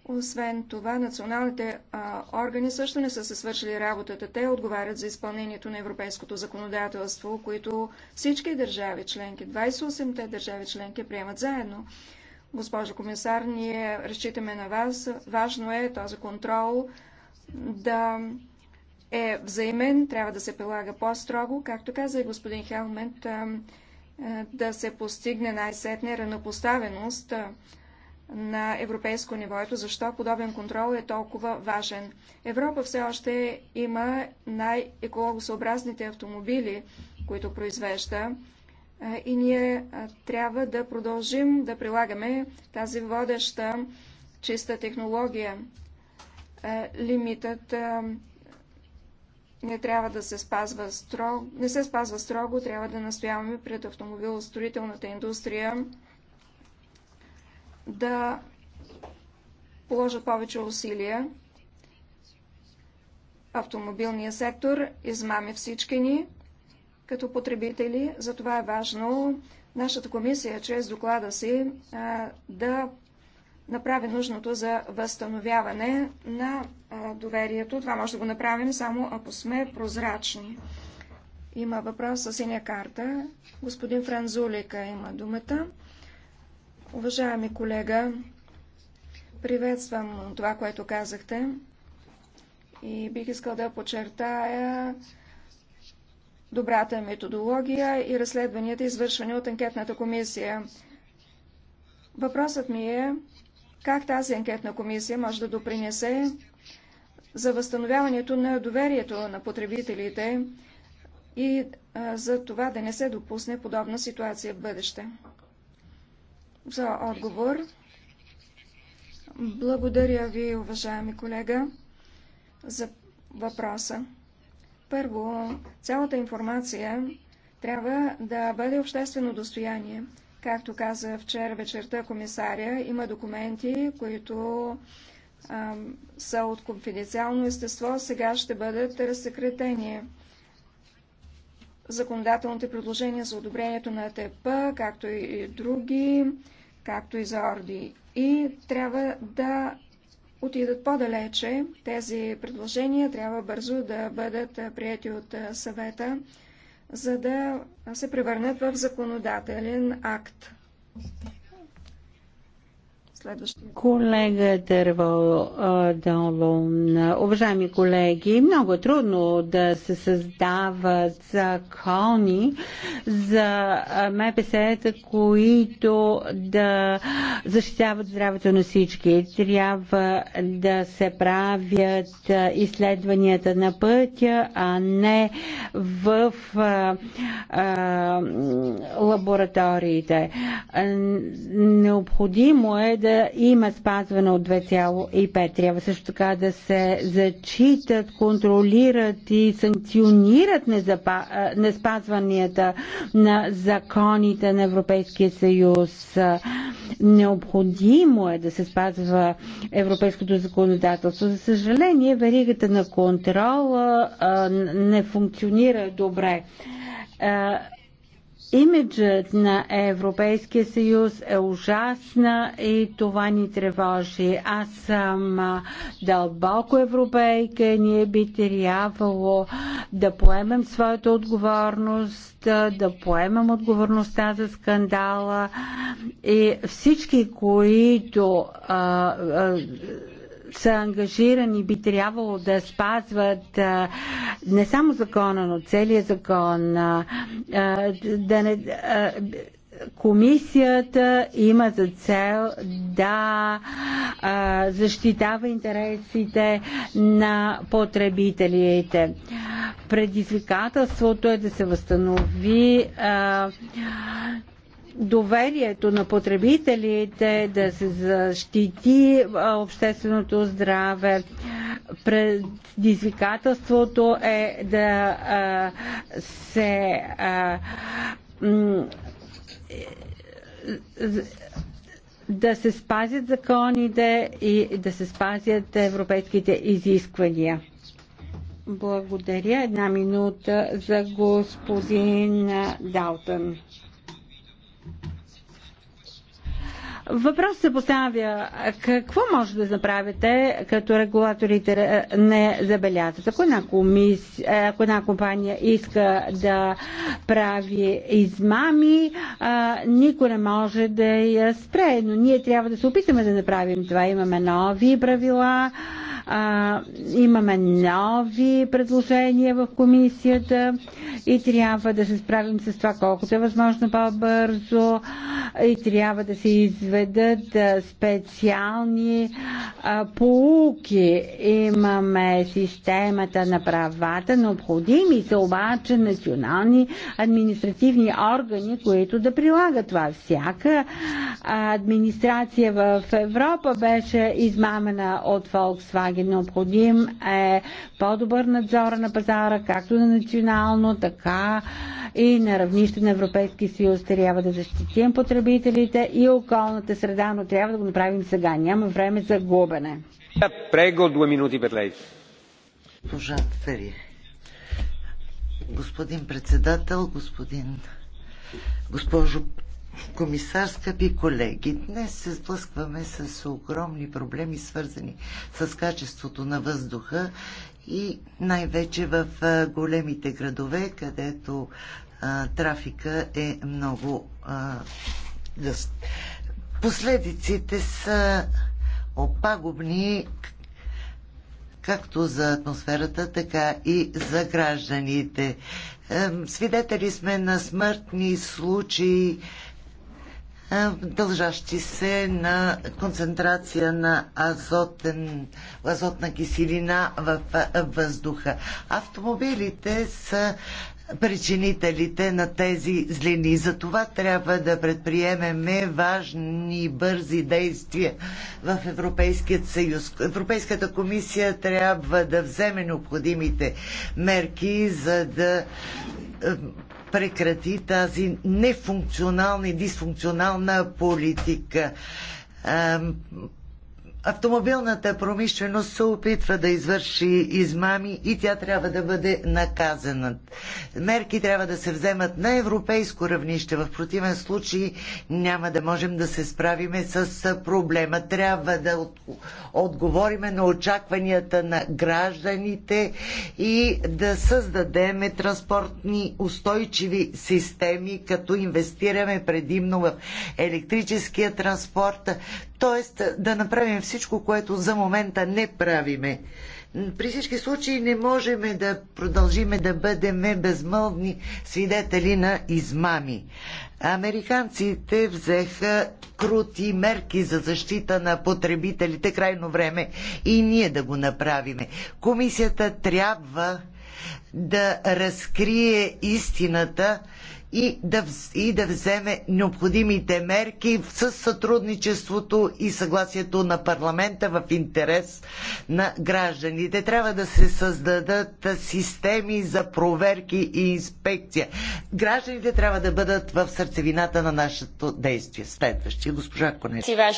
Освен това, националните а, органи също не са се свършили работата. Те отговарят за изпълнението на европейското законодателство, което всички държави членки, 28-те държави членки, приемат заедно. Госпожо комисар, ние разчитаме на вас. Важно е този контрол да е взаимен, трябва да се прилага по-строго, както каза и господин Хелмент, да се постигне най-сетне равнопоставеност на европейско ниво. Ето защо подобен контрол е толкова важен. Европа все още има най-екологосъобразните автомобили, които произвежда и ние трябва да продължим да прилагаме тази водеща чиста технология. Лимитът не трябва да се спазва строго, не се спазва строго, трябва да настояваме пред автомобилостроителната индустрия да положат повече усилия. Автомобилният сектор измами всички ни като потребители. Затова е важно нашата комисия, чрез доклада си, да направи нужното за възстановяване на доверието. Това може да го направим само ако сме прозрачни. Има въпрос с синя карта. Господин Франзулика има думата. Уважаеми колега, приветствам това, което казахте и бих искал да подчертая добрата методология и разследванията, извършвани от анкетната комисия. Въпросът ми е как тази анкетна комисия може да допринесе за възстановяването на доверието на потребителите и за това да не се допусне подобна ситуация в бъдеще за отговор. Благодаря ви, уважаеми колега, за въпроса. Първо, цялата информация трябва да бъде обществено достояние. Както каза вчера вечерта комисаря, има документи, които а, са от конфиденциално естество, сега ще бъдат разсекретени. Законодателните предложения за одобрението на ТП, както и други, както и за Орди. И трябва да отидат по-далече. Тези предложения трябва бързо да бъдат прияти от съвета, за да се превърнат в законодателен акт. Следващия. Колега Дърво Долун, уважаеми колеги, много е трудно да се създават закони за МПС-та, които да защитават здравето на всички. Трябва да се правят изследванията на пътя, а не в а, а, лабораториите. Необходимо е да има спазване от 2,5. Трябва също така да се зачитат, контролират и санкционират незапа... неспазванията на законите на Европейския съюз. Необходимо е да се спазва европейското законодателство. За съжаление, веригата на контрола не функционира добре Имиджът на Европейския съюз е ужасна и това ни тревожи. Аз съм дълбоко европейка и ние би трябвало да поемем своята отговорност, да поемем отговорността за скандала и всички, които а, а, са ангажирани, би трябвало да спазват не само закона, но целият закон, да не, Комисията има за цел да защитава интересите на потребителите. Предизвикателството е да се възстанови а, доверието на потребителите, да се защити общественото здраве. Предизвикателството е да а, се а, да се спазят законите и да се спазят европейските изисквания. Благодаря. Една минута за господин Далтън. Въпросът се поставя какво може да направите, като регулаторите не забелязват. Ако една, комис... ако една компания иска да прави измами, а, никой не може да я спре, но ние трябва да се опитаме да направим това. Имаме нови правила. А, а, имаме нови предложения в комисията и трябва да се справим с това колкото е възможно по-бързо и трябва да се изведат специални а, поуки. Имаме системата на правата, необходими са обаче национални административни органи, които да прилагат това. Всяка администрация в Европа беше измамена от Volkswagen е Необходим е по-добър надзор на пазара, както на национално, така и на равнище на Европейски съюз. Трябва да защитим потребителите и околната среда, но трябва да го направим сега. Няма време за губене. Прего, две минути пер Господин председател, господин госпожо комисар, скъпи колеги! Днес се сблъскваме с огромни проблеми, свързани с качеството на въздуха и най-вече в големите градове, където а, трафика е много гъст. Последиците са опагубни както за атмосферата, така и за гражданите. Свидетели сме на смъртни случаи дължащи се на концентрация на азотен, азотна киселина в въздуха. Автомобилите са причинителите на тези злини. За това трябва да предприемеме важни и бързи действия в Европейският съюз. Европейската комисия трябва да вземе необходимите мерки, за да прекрати тази нефункционална и дисфункционална политика автомобилната промишленост се опитва да извърши измами и тя трябва да бъде наказана. Мерки трябва да се вземат на европейско равнище. В противен случай няма да можем да се справиме с проблема. Трябва да отговориме на очакванията на гражданите и да създадем транспортни устойчиви системи, като инвестираме предимно в електрическия транспорт. Тоест да направим всичко, което за момента не правиме. При всички случаи не можем да продължиме да бъдем безмълвни свидетели на измами. Американците взеха крути мерки за защита на потребителите крайно време и ние да го направиме. Комисията трябва да разкрие истината и да, и да вземе необходимите мерки с сътрудничеството и съгласието на парламента в интерес на гражданите. Трябва да се създадат системи за проверки и инспекция. Гражданите трябва да бъдат в сърцевината на нашето действие. Следващи, госпожа Конечна.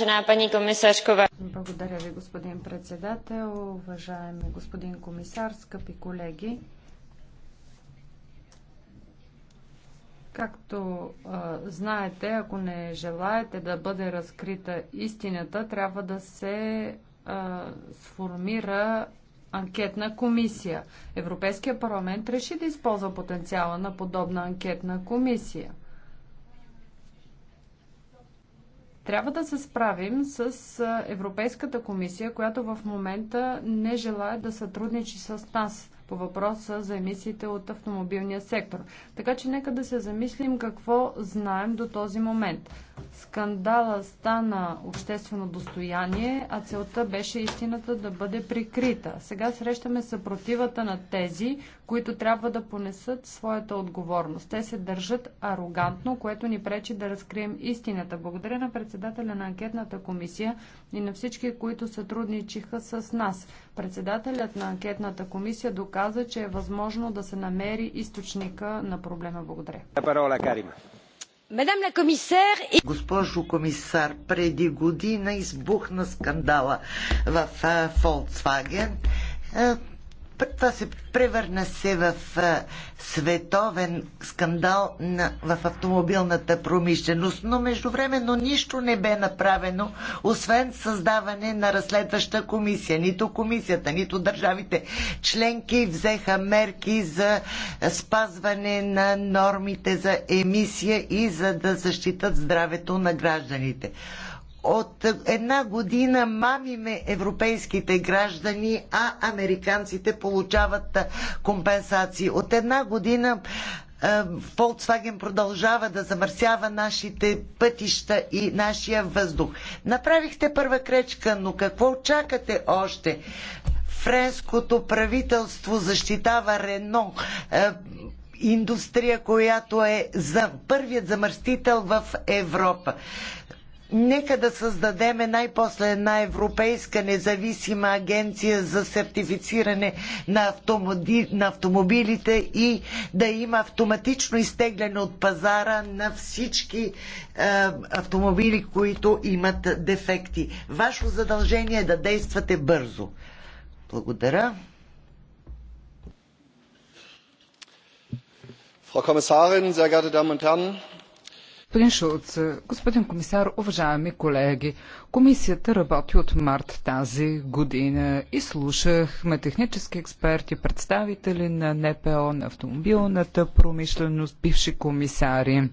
Благодаря ви, господин председател, уважаеми господин комисар, скъпи колеги. Както а, знаете, ако не желаете да бъде разкрита истината, трябва да се а, сформира анкетна комисия. Европейския парламент реши да използва потенциала на подобна анкетна комисия. Трябва да се справим с Европейската комисия, която в момента не желая да сътрудничи с нас – по въпроса за емисиите от автомобилния сектор. Така че нека да се замислим какво знаем до този момент. Скандала стана обществено достояние, а целта беше истината да бъде прикрита. Сега срещаме съпротивата на тези, които трябва да понесат своята отговорност. Те се държат арогантно, което ни пречи да разкрием истината. Благодаря на председателя на анкетната комисия и на всички, които сътрудничиха с нас. Председателят на анкетната комисия доказа, че е възможно да се намери източника на проблема. Благодаря. Парола, Карима. Госпожо комисар, преди година избухна скандала в Volkswagen това се превърна се в световен скандал на, в автомобилната промишленост, но междувременно нищо не бе направено, освен създаване на разследваща комисия. Нито комисията, нито държавите членки взеха мерки за спазване на нормите за емисия и за да защитат здравето на гражданите от една година мамиме европейските граждани, а американците получават компенсации. От една година Volkswagen продължава да замърсява нашите пътища и нашия въздух. Направихте първа кречка, но какво чакате още? Френското правителство защитава Рено, индустрия, която е за първият замърстител в Европа. Нека да създадеме най-после една европейска независима агенция за сертифициране на, на автомобилите и да има автоматично изтегляне от пазара на всички е, автомобили, които имат дефекти. Вашето задължение е да действате бързо. Благодаря. Frau Kommissarin, sehr geehrte Damen und Herren! Господин Шулц, господин комисар, уважаеми колеги, комисията работи от март тази година и слушахме технически експерти, представители на НПО, на автомобилната промишленост, бивши комисари.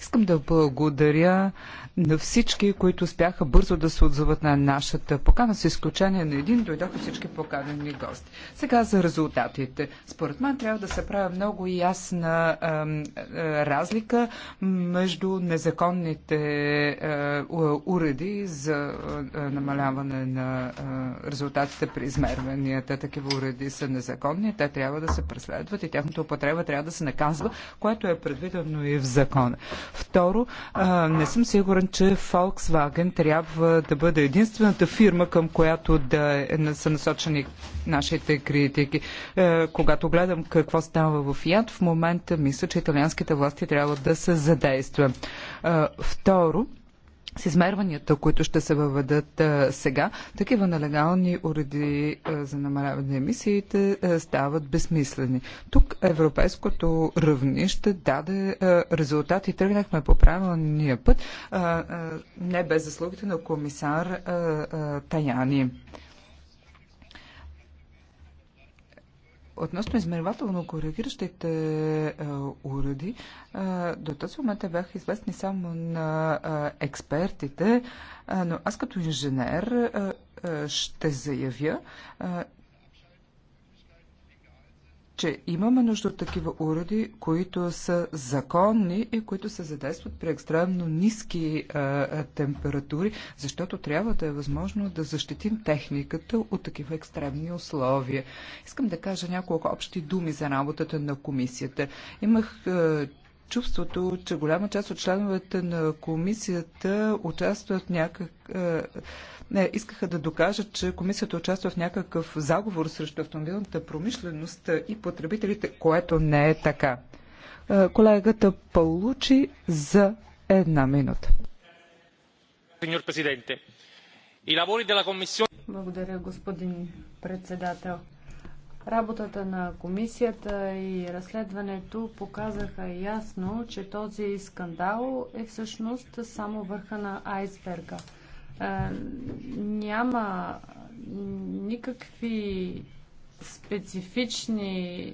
Искам да благодаря на всички, които успяха бързо да се отзоват на нашата покана, с изключение на един, дойдоха всички поканени гости. Сега за резултатите. Според мен трябва да се прави много ясна а, а, разлика между незаконните а, уреди за а, намаляване на а, резултатите при измерванията. Такива уреди са незаконни, те трябва да се преследват и тяхната употреба трябва да се наказва, което е предвидено и в закона. Второ, а, не съм сигурен, сигурен, че Volkswagen трябва да бъде единствената фирма, към която да е- са насочени нашите критики. Е, когато гледам какво става в Яд, в момента мисля, че италианските власти трябва да се задейства. Е, второ, с измерванията, които ще се въведат а, сега, такива нелегални уреди а, за намаляване на емисиите а, стават безсмислени. Тук европейското равнище даде а, резултат и тръгнахме по правилния път, а, а, не без заслугите на комисар а, а, Таяни. Относно измервателно коригиращите е, уреди, е, до този момент те бяха известни само на е, експертите, но аз като инженер ще заявя, че имаме нужда от такива уреди, които са законни и които се задействат при екстремно ниски а, е, а, е, температури, защото трябва да е възможно да защитим техниката от такива екстремни условия. Искам да кажа няколко общи думи за работата на комисията. Имах а, е, чувството, че голяма част от членовете на комисията участват някак... Е, не, искаха да докажат, че комисията участва в някакъв заговор срещу автомобилната промишленост и потребителите, което не е така. Е, колегата получи за една минута. Благодаря, господин председател. Работата на комисията и разследването показаха ясно, че този скандал е всъщност само върха на айсберга. Е, няма никакви специфични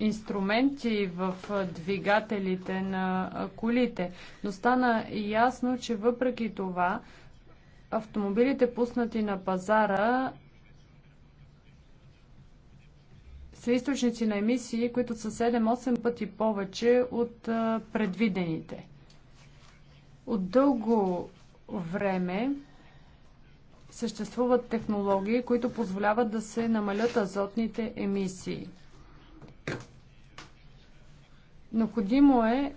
инструменти в двигателите на колите. Но стана ясно, че въпреки това автомобилите пуснати на пазара са източници на емисии, които са 7-8 пъти повече от предвидените. От дълго време съществуват технологии, които позволяват да се намалят азотните емисии. Необходимо е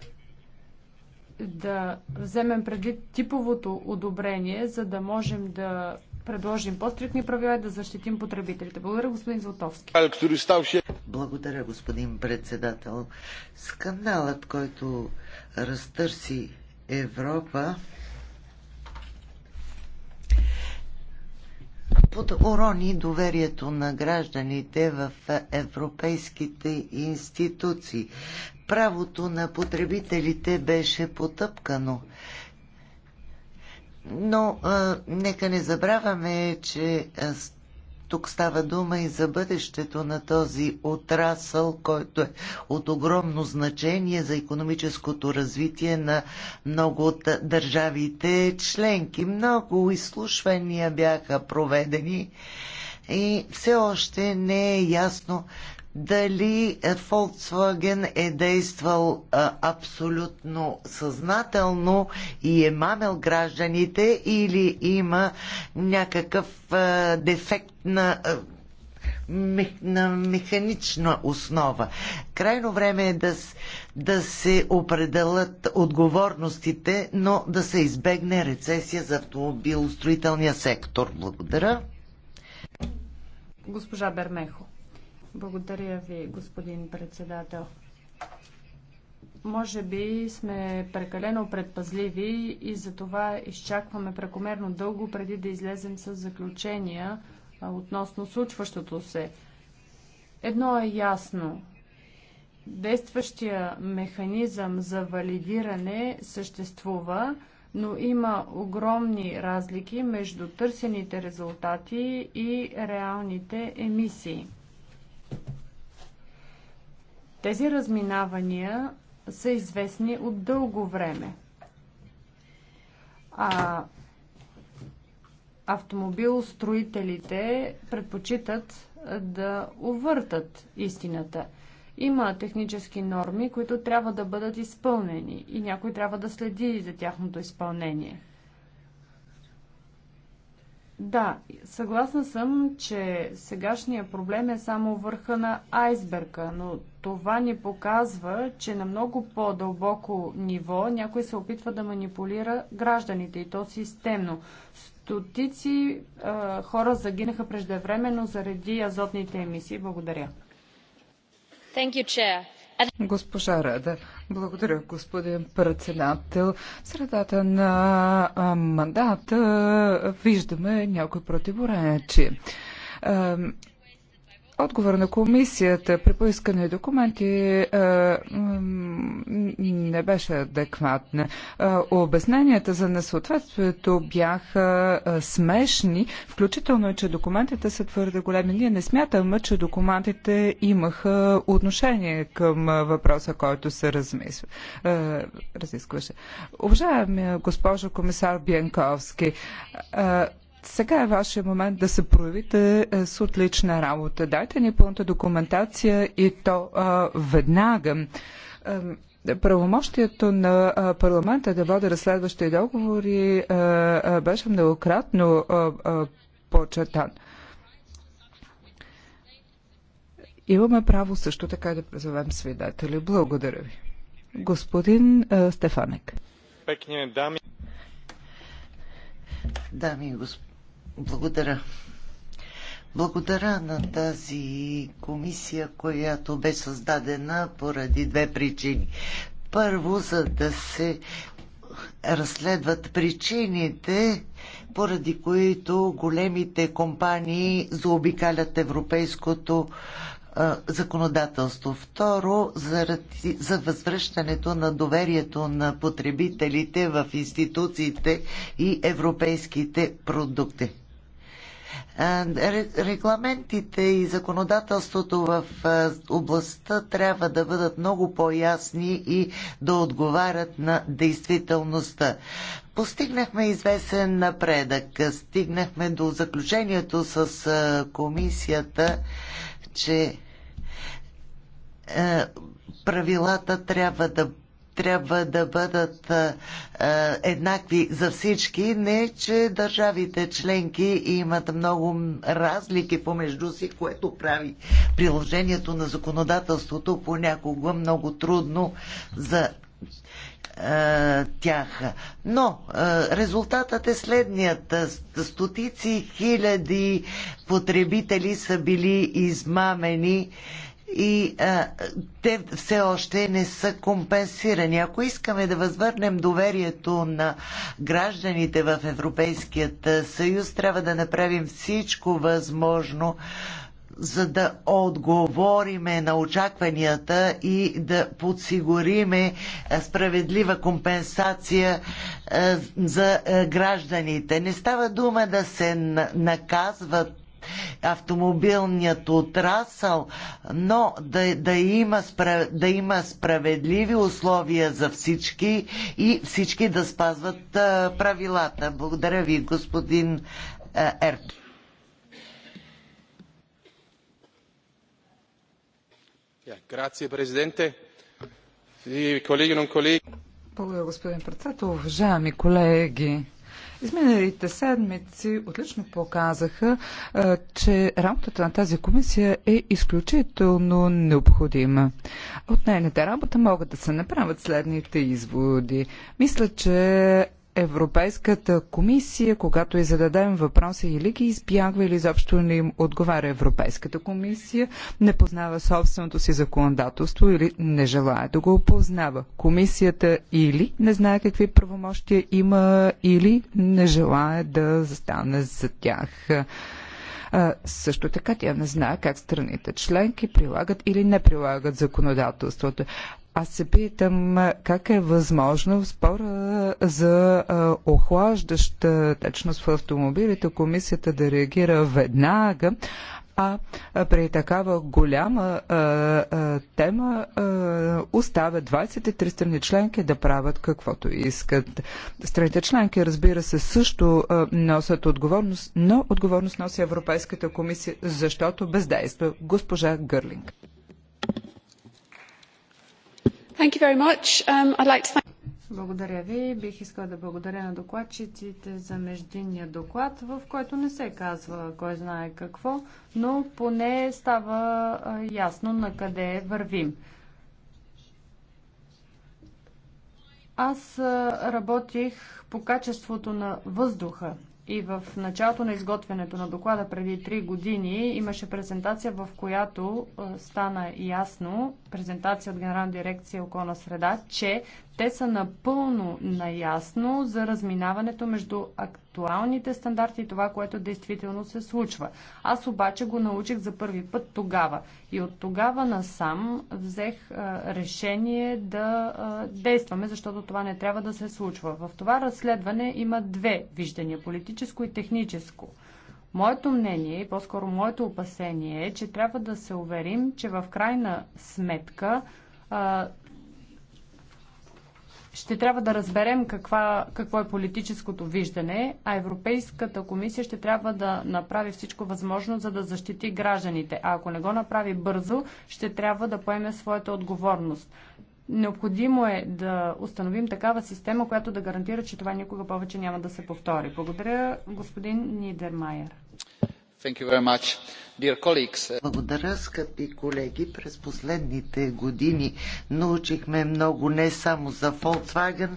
да вземем предвид типовото одобрение, за да можем да предложим по-стрикни правила и да защитим потребителите. Благодаря, господин Златовски. Благодаря, господин председател. Скандалът, който разтърси Европа, под урони доверието на гражданите в европейските институции. Правото на потребителите беше потъпкано. Но а, нека не забравяме, че а, тук става дума и за бъдещето на този отрасъл, който е от огромно значение за економическото развитие на много от държавите членки. Много изслушвания бяха проведени и все още не е ясно дали е, Volkswagen е действал е, абсолютно съзнателно и е мамел гражданите или има някакъв е, дефект на, на механична основа. Крайно време е да, да се определят отговорностите, но да се избегне рецесия за автомобилостроителния сектор. Благодаря. Госпожа Бермехо. Благодаря ви, господин председател. Може би сме прекалено предпазливи и затова изчакваме прекомерно дълго преди да излезем с заключения относно случващото се. Едно е ясно. Действащия механизъм за валидиране съществува, но има огромни разлики между търсените резултати и реалните емисии. Тези разминавания са известни от дълго време. А автомобилостроителите предпочитат да увъртат истината. Има технически норми, които трябва да бъдат изпълнени и някой трябва да следи за тяхното изпълнение. Да, съгласна съм, че сегашния проблем е само върха на айсберга, но това ни показва, че на много по-дълбоко ниво някой се опитва да манипулира гражданите и то системно. Стотици е, хора загинаха преждевременно заради азотните емисии. Благодаря. Thank you, Chair. Госпожа Рада, благодаря, господин председател. В средата на мандата виждаме някои противоречия Отговор на комисията при поискане документи а, е, не беше адекватна. А, е, обясненията за несъответствието бяха а, е, смешни, включително и, че документите са твърде големи. Ние не смятаме, че документите имаха отношение към въпроса, който се разискваше. Уважаема госпожо комисар Бенковски, а, сега е вашия момент да се проявите е, с отлична работа. Дайте ни пълната документация и то а, веднага. Правомощието на парламента да води разследващи договори е, е, беше многократно почетан. Имаме право също така да призовем свидетели. Благодаря ви. Господин Стефанек. Дами и господи. Благодаря. Благодаря на тази комисия, която бе създадена поради две причини. Първо, за да се разследват причините, поради които големите компании заобикалят европейското законодателство. Второ, заради, за възвръщането на доверието на потребителите в институциите и европейските продукти. Регламентите и законодателството в областта трябва да бъдат много по-ясни и да отговарят на действителността. Постигнахме известен напредък. Стигнахме до заключението с комисията, че правилата трябва да трябва да бъдат а, еднакви за всички, не че държавите членки имат много разлики помежду си, което прави приложението на законодателството понякога много трудно за тях. Но резултатът е следният. Стотици хиляди потребители са били измамени и а, те все още не са компенсирани. Ако искаме да възвърнем доверието на гражданите в Европейският съюз, трябва да направим всичко възможно, за да отговориме на очакванията и да подсигуриме справедлива компенсация за гражданите. Не става дума да се наказват автомобилният отрасъл, но да, да, има, спра, да има справедливи условия за всички и всички да спазват правилата. Благодаря ви, господин Ерт. Грация, президенте. Колеги, колеги. Благодаря, господин председател. Уважаеми колеги, Изминалите седмици отлично показаха, че работата на тази комисия е изключително необходима. От нейната работа могат да се направят следните изводи. Мисля, че Европейската комисия, когато и зададем въпроса или ги избягва, или изобщо не им отговаря Европейската комисия, не познава собственото си законодателство или не желая да го опознава. Комисията или не знае какви правомощия има, или не желая да застане за тях. А, също така тя не знае как страните членки прилагат или не прилагат законодателството. Аз се питам как е възможно в спора за а, охлаждаща течност в автомобилите комисията да реагира веднага, а при такава голяма а, а, тема а, оставя 23 страни членки да правят каквото искат. Страните членки, разбира се, също а, носят отговорност, но отговорност носи Европейската комисия, защото бездейства госпожа Гърлинг. Thank you very much. Um, I'd like to thank... Благодаря ви. Бих искала да благодаря на докладчиците за междинния доклад, в който не се казва кой знае какво, но поне става ясно на къде вървим. Аз работих по качеството на въздуха и в началото на изготвянето на доклада преди 3 години имаше презентация, в която стана ясно, презентация от Генерална дирекция околна среда, че те са напълно наясно за разминаването между активите актуалните стандарти и това, което действително се случва. Аз обаче го научих за първи път тогава. И от тогава насам взех решение да действаме, защото това не трябва да се случва. В това разследване има две виждания политическо и техническо. Моето мнение и по-скоро моето опасение е, че трябва да се уверим, че в крайна сметка ще трябва да разберем каква, какво е политическото виждане, а Европейската комисия ще трябва да направи всичко възможно, за да защити гражданите. А ако не го направи бързо, ще трябва да поеме своята отговорност. Необходимо е да установим такава система, която да гарантира, че това никога повече няма да се повтори. Благодаря, господин Нидермайер. Uh, Благодаря, скъпи колеги. През последните години научихме много не само за Volkswagen,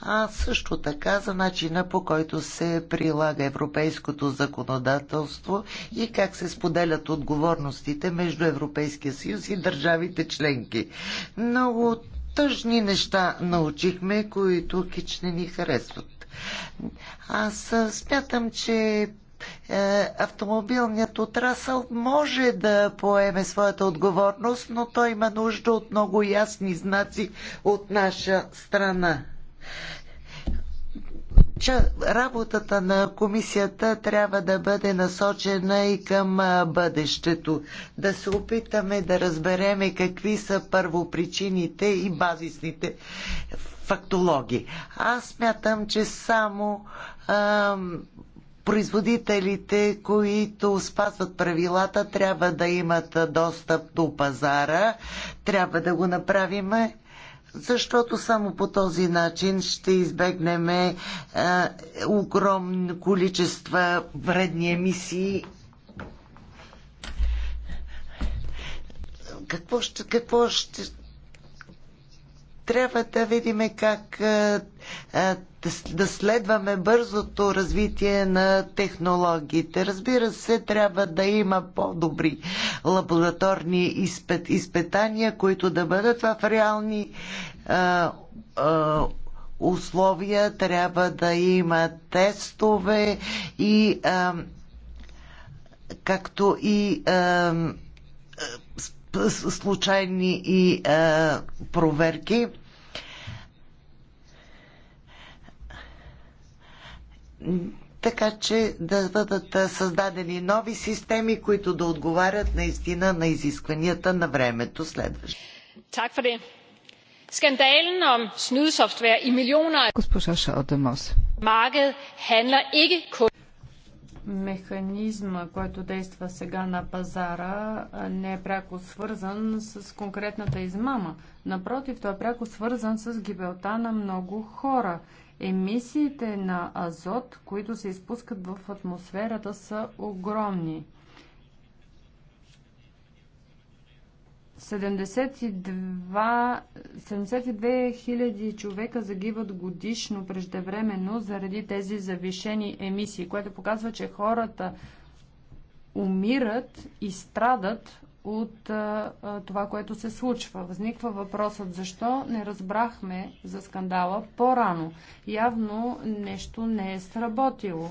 а също така за начина по който се прилага европейското законодателство и как се споделят отговорностите между Европейския съюз и държавите членки. Много тъжни неща научихме, които кич не ни харесват. Аз смятам, че е, автомобилният отрасъл може да поеме своята отговорност, но той има нужда от много ясни знаци от наша страна че работата на комисията трябва да бъде насочена и към бъдещето. Да се опитаме да разбереме какви са първопричините и базисните фактологи. Аз смятам, че само ам, производителите, които спазват правилата, трябва да имат достъп до пазара. Трябва да го направим, защото само по този начин ще избегнем е, огромни количества вредни емисии какво ще, какво ще, трябва да видим как е, е, да следваме бързото развитие на технологиите. Разбира се, трябва да има по-добри лабораторни изпит, изпитания, които да бъдат в реални а, е, а, условия. Трябва да има тестове и а, както и а, случайни и а, проверки. така че да бъдат създадени нови системи, които да отговарят наистина на изискванията на времето следващо. Skandalen om snydesoftware i millioner af marked handler ikke kun механизма, който действа сега на пазара, не е пряко свързан с конкретната измама. Напротив, той е пряко свързан с гибелта на много хора. Емисиите на азот, които се изпускат в атмосферата, са огромни. 72 000 човека загиват годишно преждевременно заради тези завишени емисии, което показва, че хората умират и страдат от а, това, което се случва. Възниква въпросът защо не разбрахме за скандала по-рано. Явно нещо не е сработило.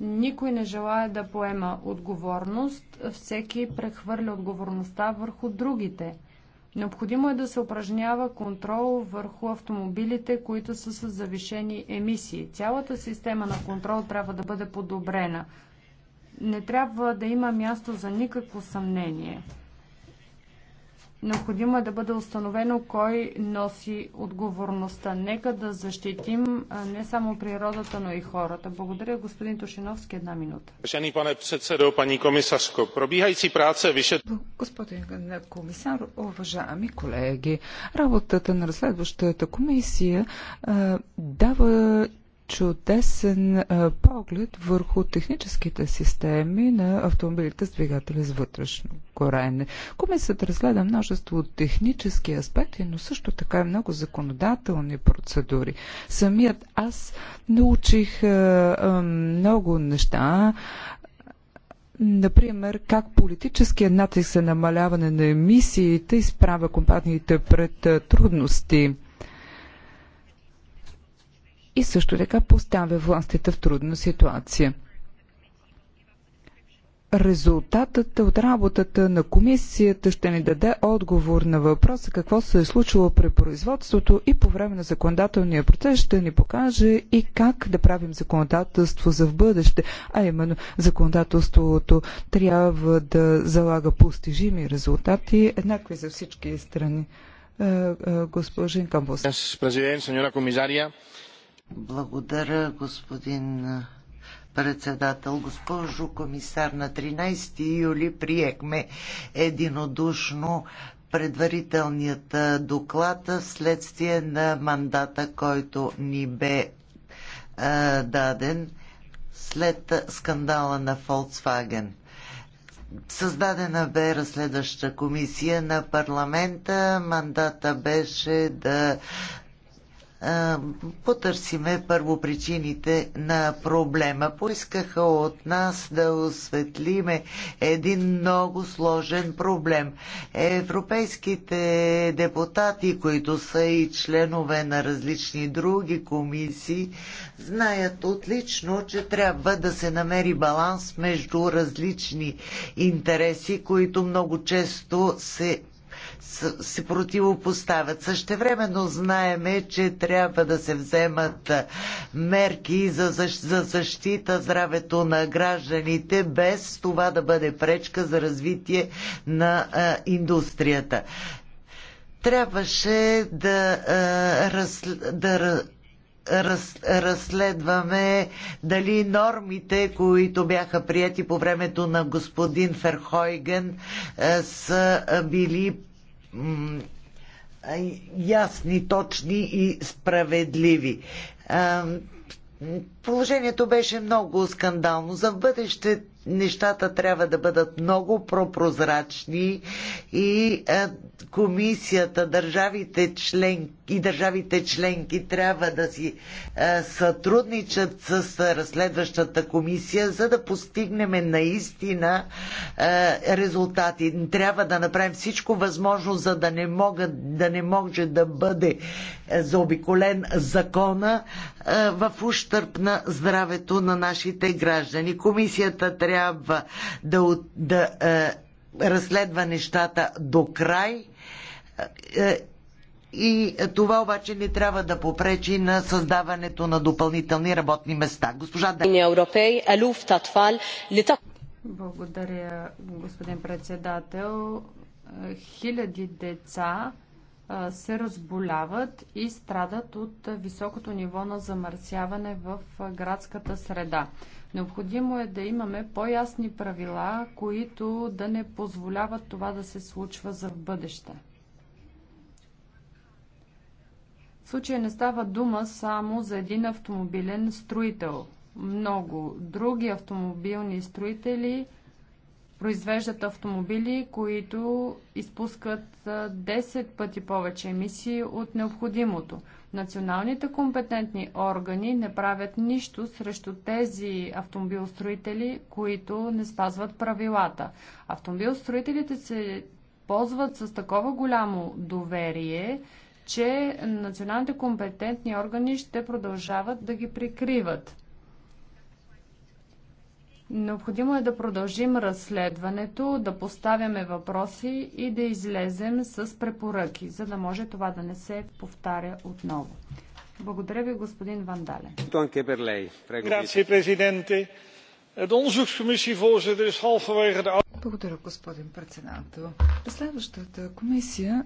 Никой не желая да поема отговорност, всеки прехвърля отговорността върху другите. Необходимо е да се упражнява контрол върху автомобилите, които са с завишени емисии. Цялата система на контрол трябва да бъде подобрена не трябва да има място за никакво съмнение. Необходимо е да бъде установено кой носи отговорността. Нека да защитим не само природата, но и хората. Благодаря, господин Тушиновски Една минута. Господин комисар, уважаеми колеги, работата на разследващата комисия а, дава чудесен поглед върху техническите системи на автомобилите с двигатели с вътрешно горене. Комисията разгледа множество технически аспекти, но също така и много законодателни процедури. Самият аз научих много неща, Например, как политическият натиск за намаляване на емисиите изправя компаниите пред трудности и също така поставя властите в трудна ситуация. Резултатът от работата на комисията ще ни даде отговор на въпроса какво се е случило при производството и по време на законодателния процес ще ни покаже и как да правим законодателство за в бъдеще, а именно законодателството трябва да залага постижими резултати, еднакви за всички страни. Е, е, госпожин Камбус. Президент, комисария, благодаря, господин председател. Госпожо комисар, на 13 юли приехме единодушно предварителният доклад вследствие на мандата, който ни бе а, даден след скандала на Volkswagen. Създадена бе разследваща комисия на парламента. Мандата беше да потърсиме първо причините на проблема. Поискаха от нас да осветлиме един много сложен проблем. Европейските депутати, които са и членове на различни други комисии, знаят отлично, че трябва да се намери баланс между различни интереси, които много често се се противопоставят. Същевременно знаеме, че трябва да се вземат мерки за, за защита здравето на гражданите, без това да бъде пречка за развитие на а, индустрията. Трябваше да, а, раз, да раз, разследваме дали нормите, които бяха прияти по времето на господин Ферхойген, са били ясни, точни и справедливи. Положението беше много скандално. За бъдеще нещата трябва да бъдат много пропрозрачни и комисията, държавите членки и държавите членки трябва да си е, сътрудничат с разследващата комисия, за да постигнем наистина е, резултати. Трябва да направим всичко възможно, за да не, мога, да не може да бъде е, заобиколен закона е, в ущърп на здравето на нашите граждани. Комисията трябва да, да е, разследва нещата до край е, и това обаче не трябва да попречи на създаването на допълнителни работни места. Госпожа Благодаря, господин председател. Хиляди деца се разболяват и страдат от високото ниво на замърсяване в градската среда. Необходимо е да имаме по-ясни правила, които да не позволяват това да се случва за в бъдеще. В случая не става дума само за един автомобилен строител. Много други автомобилни строители произвеждат автомобили, които изпускат 10 пъти повече емисии от необходимото. Националните компетентни органи не правят нищо срещу тези автомобилстроители, които не спазват правилата. Автомобилстроителите се ползват с такова голямо доверие, че националните компетентни органи ще продължават да ги прикриват. Необходимо е да продължим разследването, да поставяме въпроси и да излезем с препоръки, за да може това да не се повтаря отново. Благодаря ви, господин Вандале. Благодаря, господин председател. Следващата комисия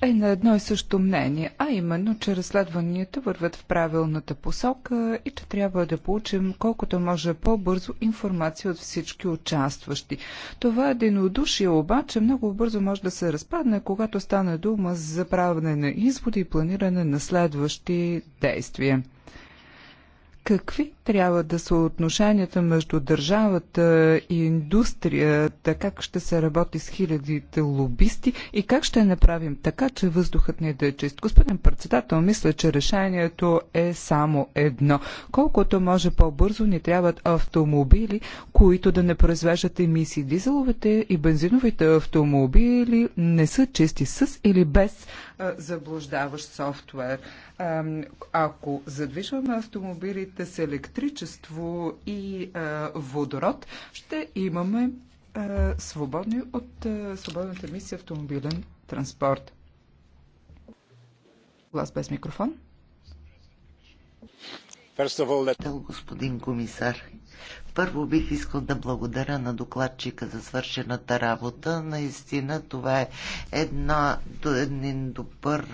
е на едно и също мнение, а именно, че разследванията върват в правилната посока и че трябва да получим колкото може по-бързо информация от всички участващи. Това единодушие обаче много бързо може да се разпадне, когато стане дума за правене на изводи и планиране на следващи действия. Какви трябва да са отношенията между държавата и индустрията? Как ще се работи с хилядите лобисти? И как ще направим така, че въздухът ни да е чист? Господин председател, мисля, че решението е само едно. Колкото може по-бързо ни трябват автомобили, които да не произвеждат емисии. Дизеловите и бензиновите автомобили не са чисти с или без заблуждаващ софтуер. Ако задвижваме автомобилите с електричество и водород, ще имаме свободни от свободната мисия автомобилен транспорт. Глас без микрофон. Първо, Господин комисар, първо бих искал да благодаря на докладчика за свършената работа. Наистина това е една, един добър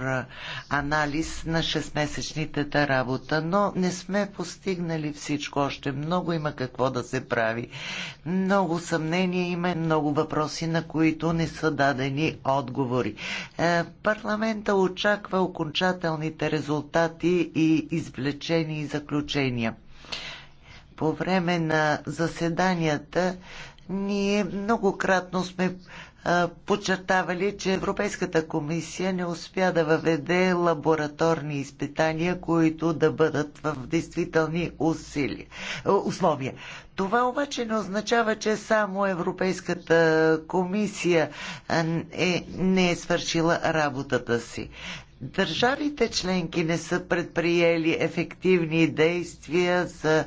анализ на 6-месечните работа, но не сме постигнали всичко още. Много има какво да се прави. Много съмнения има, много въпроси, на които не са дадени отговори. Е, парламента очаква окончателните резултати и извлечени и заключения по време на заседанията ние многократно сме подчертавали, че Европейската комисия не успя да въведе лабораторни изпитания, които да бъдат в действителни усилия, условия. Това обаче не означава, че само Европейската комисия е, не е свършила работата си държавите членки не са предприели ефективни действия за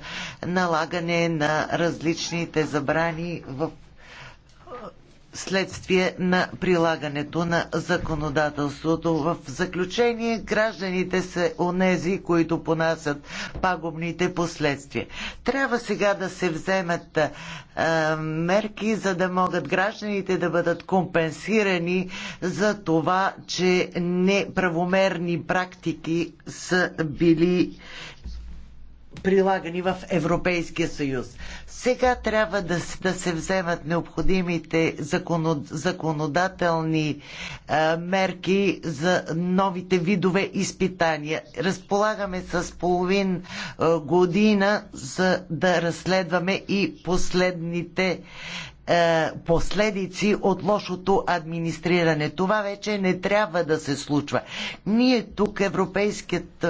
налагане на различните забрани в следствие на прилагането на законодателството. В заключение, гражданите са онези, които понасят пагубните последствия. Трябва сега да се вземат а, мерки, за да могат гражданите да бъдат компенсирани за това, че неправомерни практики са били прилагани в Европейския съюз. Сега трябва да, да се вземат необходимите законо, законодателни а, мерки за новите видове изпитания. Разполагаме с половин а, година за да разследваме и последните последици от лошото администриране. Това вече не трябва да се случва. Ние тук, Европейският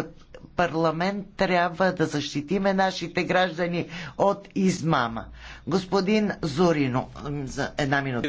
парламент трябва да защитиме нашите граждани от измама. Господин Зорино, за една минута.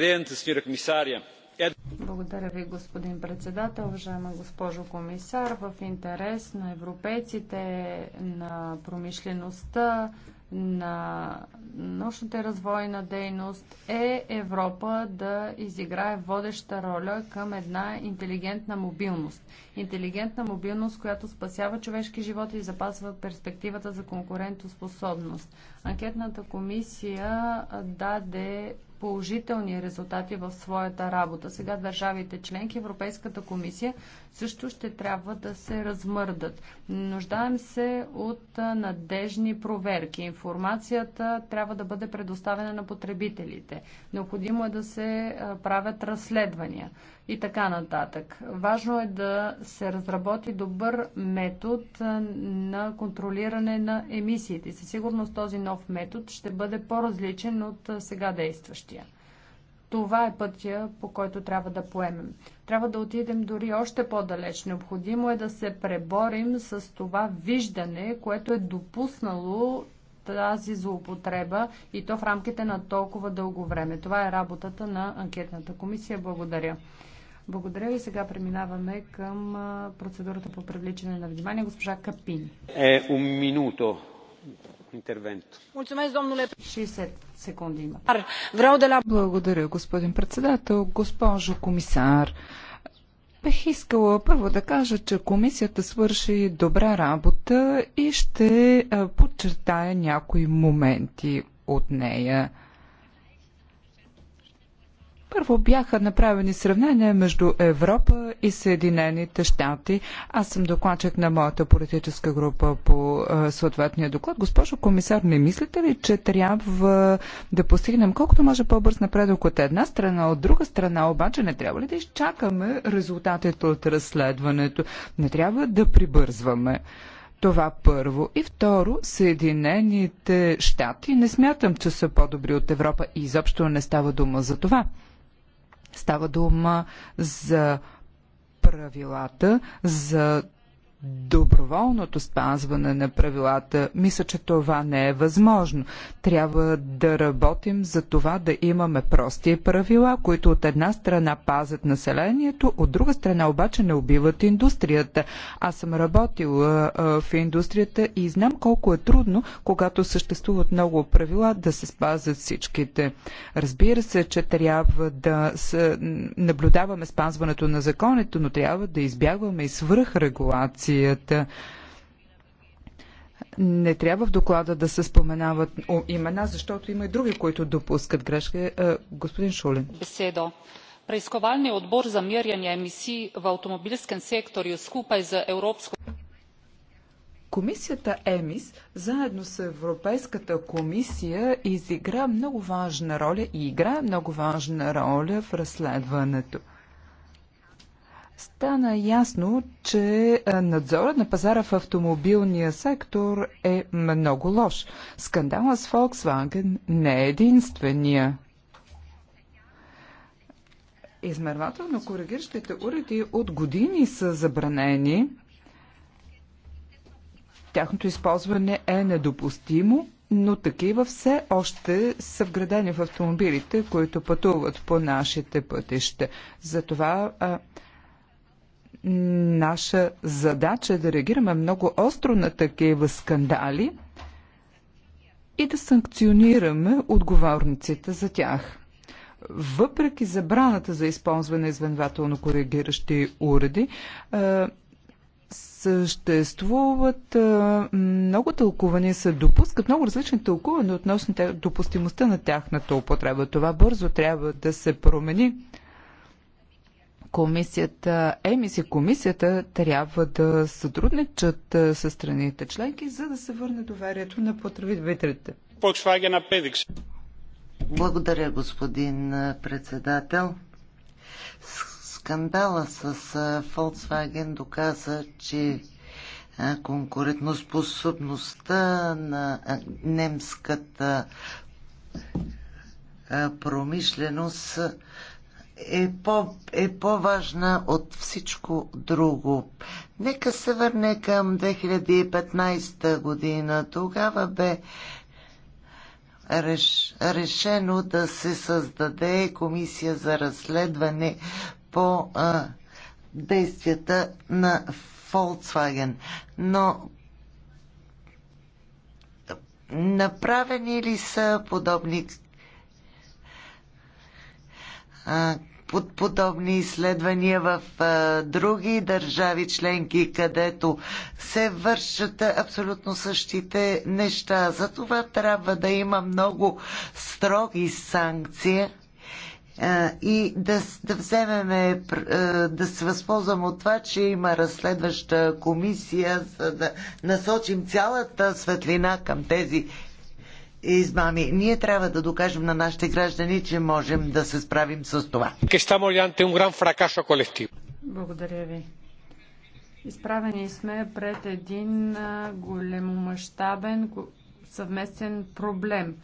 Е- Благодаря ви, господин председател, уважаема госпожо комисар. В интерес на европейците, на промишлеността, на научната и развойна дейност е Европа да изиграе водеща роля към една интелигентна мобилност. Интелигентна мобилност, която спасява човешки живот и запазва перспективата за конкурентоспособност. Анкетната комисия даде положителни резултати в своята работа. Сега държавите членки, Европейската комисия също ще трябва да се размърдат. Нуждаем се от надежни проверки. Информацията трябва да бъде предоставена на потребителите. Необходимо е да се правят разследвания и така нататък. Важно е да се разработи добър метод на контролиране на емисиите. Със сигурност този нов метод ще бъде по-различен от сега действащия. Това е пътя, по който трябва да поемем. Трябва да отидем дори още по-далеч. Необходимо е да се преборим с това виждане, което е допуснало тази злоупотреба и то в рамките на толкова дълго време. Това е работата на анкетната комисия. Благодаря. Благодаря ви. Сега преминаваме към процедурата по привличане на внимание. Госпожа Капини. Е, un minuto. 60 секунди има. Благодаря, господин председател. Госпожо комисар, Бих искала първо да кажа, че комисията свърши добра работа и ще подчертая някои моменти от нея. Първо бяха направени сравнения между Европа и Съединените щати. Аз съм докладчик на моята политическа група по е, съответния доклад. Госпожо комисар, не мислите ли, че трябва да постигнем колкото може по-бърз напредък от една страна, от друга страна, обаче не трябва ли да изчакаме резултатите от разследването? Не трябва да прибързваме. Това първо. И второ, Съединените щати не смятам, че са по-добри от Европа и изобщо не става дума за това. Става дума за правилата, за доброволното спазване на правилата, мисля, че това не е възможно. Трябва да работим за това да имаме прости правила, които от една страна пазят населението, от друга страна обаче не убиват индустрията. Аз съм работила в индустрията и знам колко е трудно, когато съществуват много правила, да се спазят всичките. Разбира се, че трябва да наблюдаваме спазването на законите, но трябва да избягваме и свръхрегулация комисията. Не трябва в доклада да се споменават имена, защото има и други, които допускат грешки. Е, господин Шулин. Беседо. отбор за мерение емисии в v сектор и скупай за Европско... Комисията ЕМИС, заедно с Европейската комисия, изигра много важна роля и играе много важна роля в разследването. Стана ясно, че надзорът на пазара в автомобилния сектор е много лош. Скандалът с Volkswagen не е единствения. Измервателно коригиращите уреди от години са забранени. Тяхното използване е недопустимо, но такива все още са вградени в автомобилите, които пътуват по нашите пътища. Затова наша задача е да реагираме много остро на такива скандали и да санкционираме отговорниците за тях. Въпреки забраната за използване извънвателно коригиращи уреди, е, съществуват е, много тълкувания, се допускат много различни тълкувания относно допустимостта на тяхната употреба. Това бързо трябва да се промени комисията, ЕМИС и комисията трябва да сътрудничат е, с страните членки, за да се върне доверието на потребителите. Благодаря, господин е, председател. Скандала с е, Volkswagen доказа, че конкурентоспособността на немската промишленост е, по, е по-важна от всичко друго. Нека се върне към 2015 година. Тогава бе реш, решено да се създаде комисия за разследване по а, действията на Volkswagen. Но направени ли са подобни под подобни изследвания в а, други държави членки, където се вършат абсолютно същите неща. Затова трябва да има много строги санкции и да, да вземеме, да се възползвам от това, че има разследваща комисия, за да насочим цялата светлина към тези измами. Ние трябва да докажем на нашите граждани, че можем да се справим с това. Благодаря ви. Изправени сме пред един големомащабен съвместен проблем.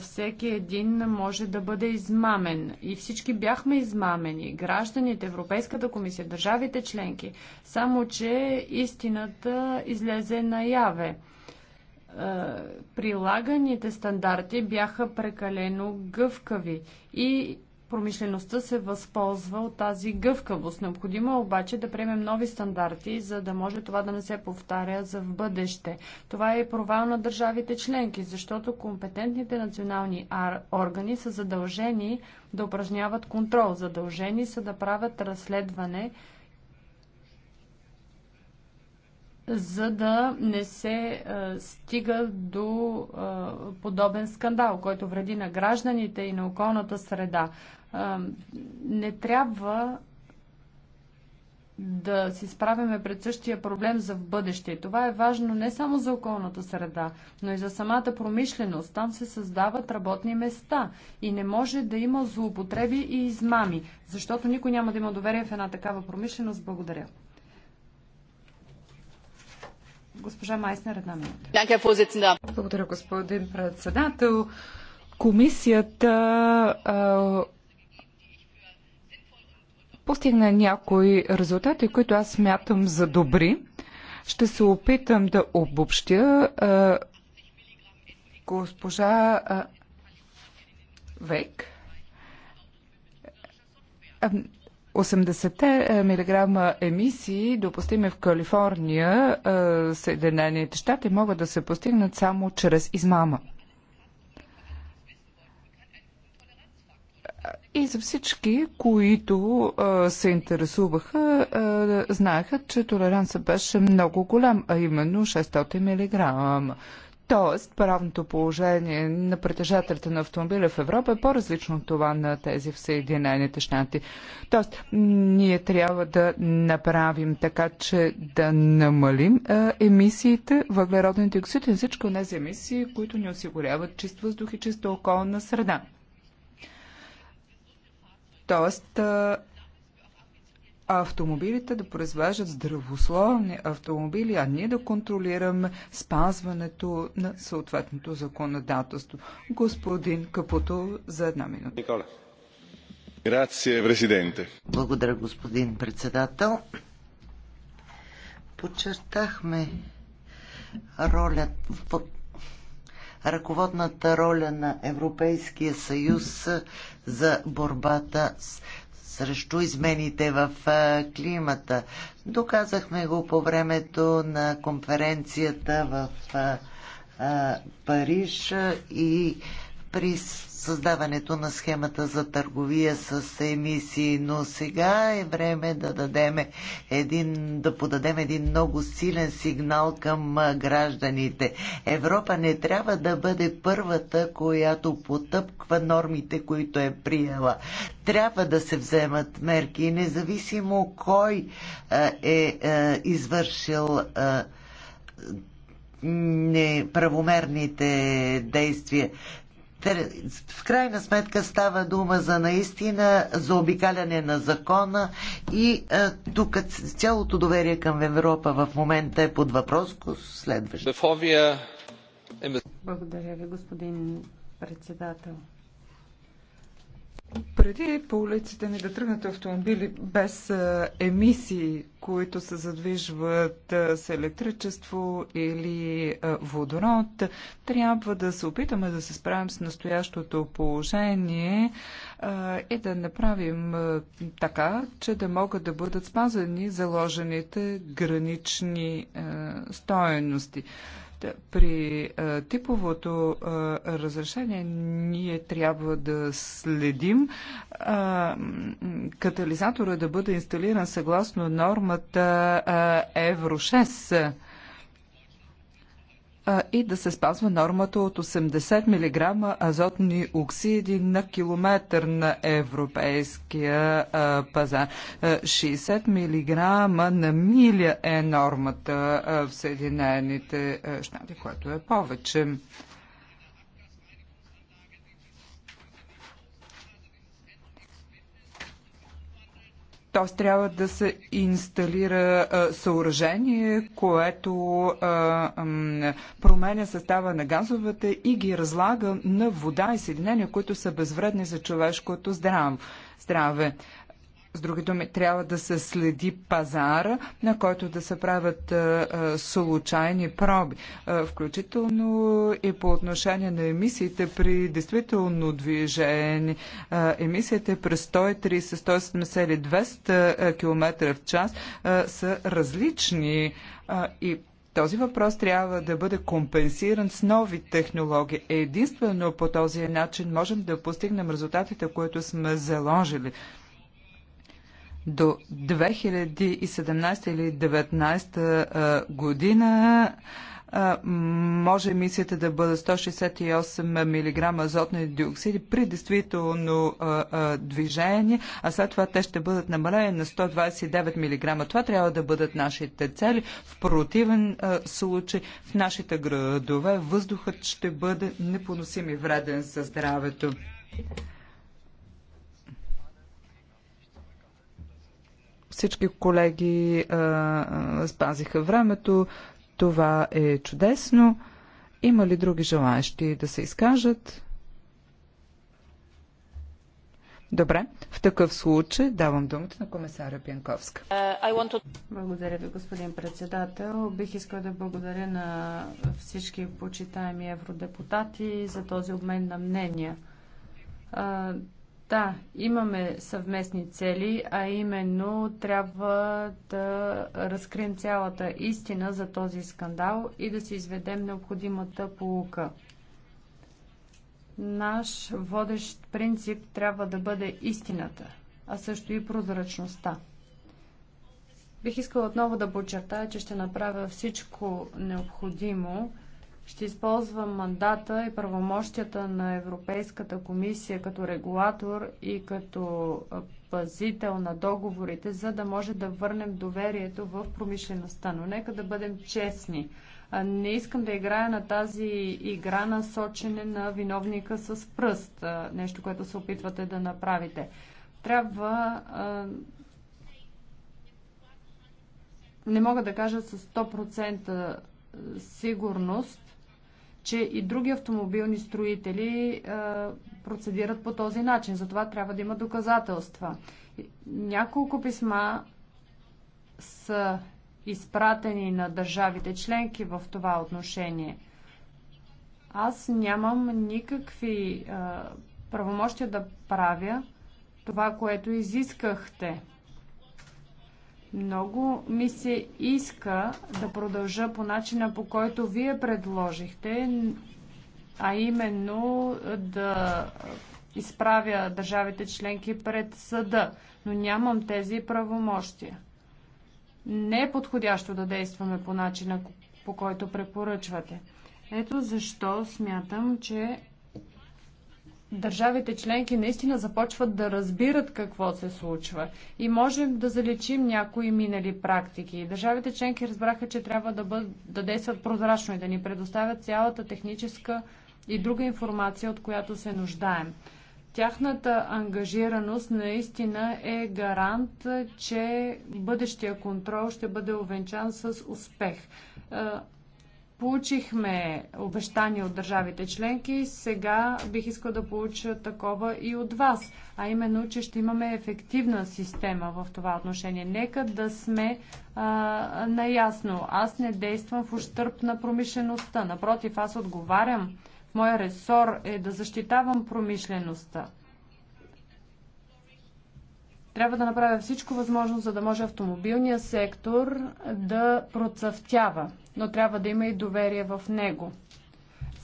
Всеки един може да бъде измамен. И всички бяхме измамени. Гражданите, Европейската комисия, държавите членки. Само, че истината излезе наяве. Е, прилаганите стандарти бяха прекалено гъвкави и промишлеността се възползва от тази гъвкавост. Необходимо е обаче да приемем нови стандарти, за да може това да не се повтаря за в бъдеще. Това е провал на държавите членки, защото компетентните национални органи са задължени да упражняват контрол, задължени са да правят разследване за да не се е, стига до е, подобен скандал, който вреди на гражданите и на околната среда. Е, не трябва да си справяме пред същия проблем за в бъдеще. Това е важно не само за околната среда, но и за самата промишленост. Там се създават работни места и не може да има злоупотреби и измами, защото никой няма да има доверие в една такава промишленост. Благодаря. Госпожа Майснер, една минута. Благодаря, господин председател. Комисията а, постигна някои резултати, които аз смятам за добри. Ще се опитам да обобщя. А, госпожа а, Век. А, 80-те е, милиграма емисии, допустими в Калифорния, е, Съединените щати, могат да се постигнат само чрез измама. И за всички, които е, се интересуваха, знаеха, че толеранса беше много голям, а именно 600 милиграма. Тоест, правното положение на притежателите на автомобили в Европа е по-различно от това на тези в Съединените щати. Тоест, ние трябва да направим така, че да намалим а, емисиите, въглероден диоксид и всички от тези емисии, които ни осигуряват чист въздух и чиста околна среда. Тоест, а, автомобилите да произвеждат здравословни автомобили, а ние да контролираме спазването на съответното законодателство. Господин Капуто за една минута. Никола. Грация, президенте. Благодаря, господин председател. Подчертахме роля, ръководната роля на Европейския съюз за борбата с срещу измените в климата. Доказахме го по времето на конференцията в Париж и при създаването на схемата за търговия с емисии, но сега е време да дадем един, да подадем един много силен сигнал към гражданите. Европа не трябва да бъде първата, която потъпква нормите, които е приела. Трябва да се вземат мерки, независимо кой е извършил неправомерните действия в крайна сметка става дума за наистина за обикаляне на закона и а, е, тук цялото доверие към Европа в момента е под въпрос. Следващо. Е Благодаря ви, господин председател. Преди по улиците ни да тръгнат автомобили без емисии, които се задвижват с електричество или водород, трябва да се опитаме да се справим с настоящото положение и да направим така, че да могат да бъдат спазени заложените гранични стоености. При типовото разрешение ние трябва да следим катализатора да бъде инсталиран съгласно нормата Евро 6 и да се спазва нормата от 80 мг азотни оксиди на километър на европейския пазар. 60 мг на миля е нормата в Съединените щати, което е повече. т.е. трябва да се инсталира а, съоръжение, което а, а, променя състава на газовете и ги разлага на вода и съединения, които са безвредни за човешкото здраве. С други думи, трябва да се следи пазара, на който да се правят а, а, случайни проби, а, включително и по отношение на емисиите при действително движение. А, емисиите при 130, 170 или 200 км в час а, са различни а, и този въпрос трябва да бъде компенсиран с нови технологии. Единствено по този начин можем да постигнем резултатите, които сме заложили до 2017 или 2019 година може емисията да бъде 168 мг азотни диоксиди при действително движение, а след това те ще бъдат намалени на 129 мг. Това трябва да бъдат нашите цели. В противен случай в нашите градове въздухът ще бъде непоносим и вреден за здравето. Всички колеги а, а, спазиха времето. Това е чудесно. Има ли други желаящи да се изкажат? Добре, в такъв случай давам думата на комисаря Пянковска. Uh, to... Благодаря ви, господин председател. Бих искал да благодаря на всички почитаеми евродепутати за този обмен на мнения. Uh, да, имаме съвместни цели, а именно трябва да разкрием цялата истина за този скандал и да си изведем необходимата полука. Наш водещ принцип трябва да бъде истината, а също и прозрачността. Бих искала отново да подчертая, че ще направя всичко необходимо, ще използвам мандата и правомощията на Европейската комисия като регулатор и като пазител на договорите, за да може да върнем доверието в промишлеността. Но нека да бъдем честни. Не искам да играя на тази игра на сочене на виновника с пръст, нещо, което се опитвате да направите. Трябва не мога да кажа с 100% сигурност, че и други автомобилни строители е, процедират по този начин. Затова трябва да има доказателства. Няколко писма са изпратени на държавите членки в това отношение. Аз нямам никакви а, е, правомощия да правя това, което изискахте. Много ми се иска да продължа по начина, по който вие предложихте, а именно да изправя държавите членки пред съда, но нямам тези правомощия. Не е подходящо да действаме по начина, по който препоръчвате. Ето защо смятам, че държавите членки наистина започват да разбират какво се случва и можем да залечим някои минали практики. Държавите членки разбраха, че трябва да, бъд, да действат прозрачно и да ни предоставят цялата техническа и друга информация, от която се нуждаем. Тяхната ангажираност наистина е гарант, че бъдещия контрол ще бъде овенчан с успех е, Получихме обещания от държавите членки, сега бих искал да получа такова и от вас, а именно, че ще имаме ефективна система в това отношение. Нека да сме а, наясно. Аз не действам в ущърп на промишлеността. Напротив, аз отговарям. Моя ресор е да защитавам промишлеността. Трябва да направя всичко възможно, за да може автомобилния сектор да процъфтява, но трябва да има и доверие в него.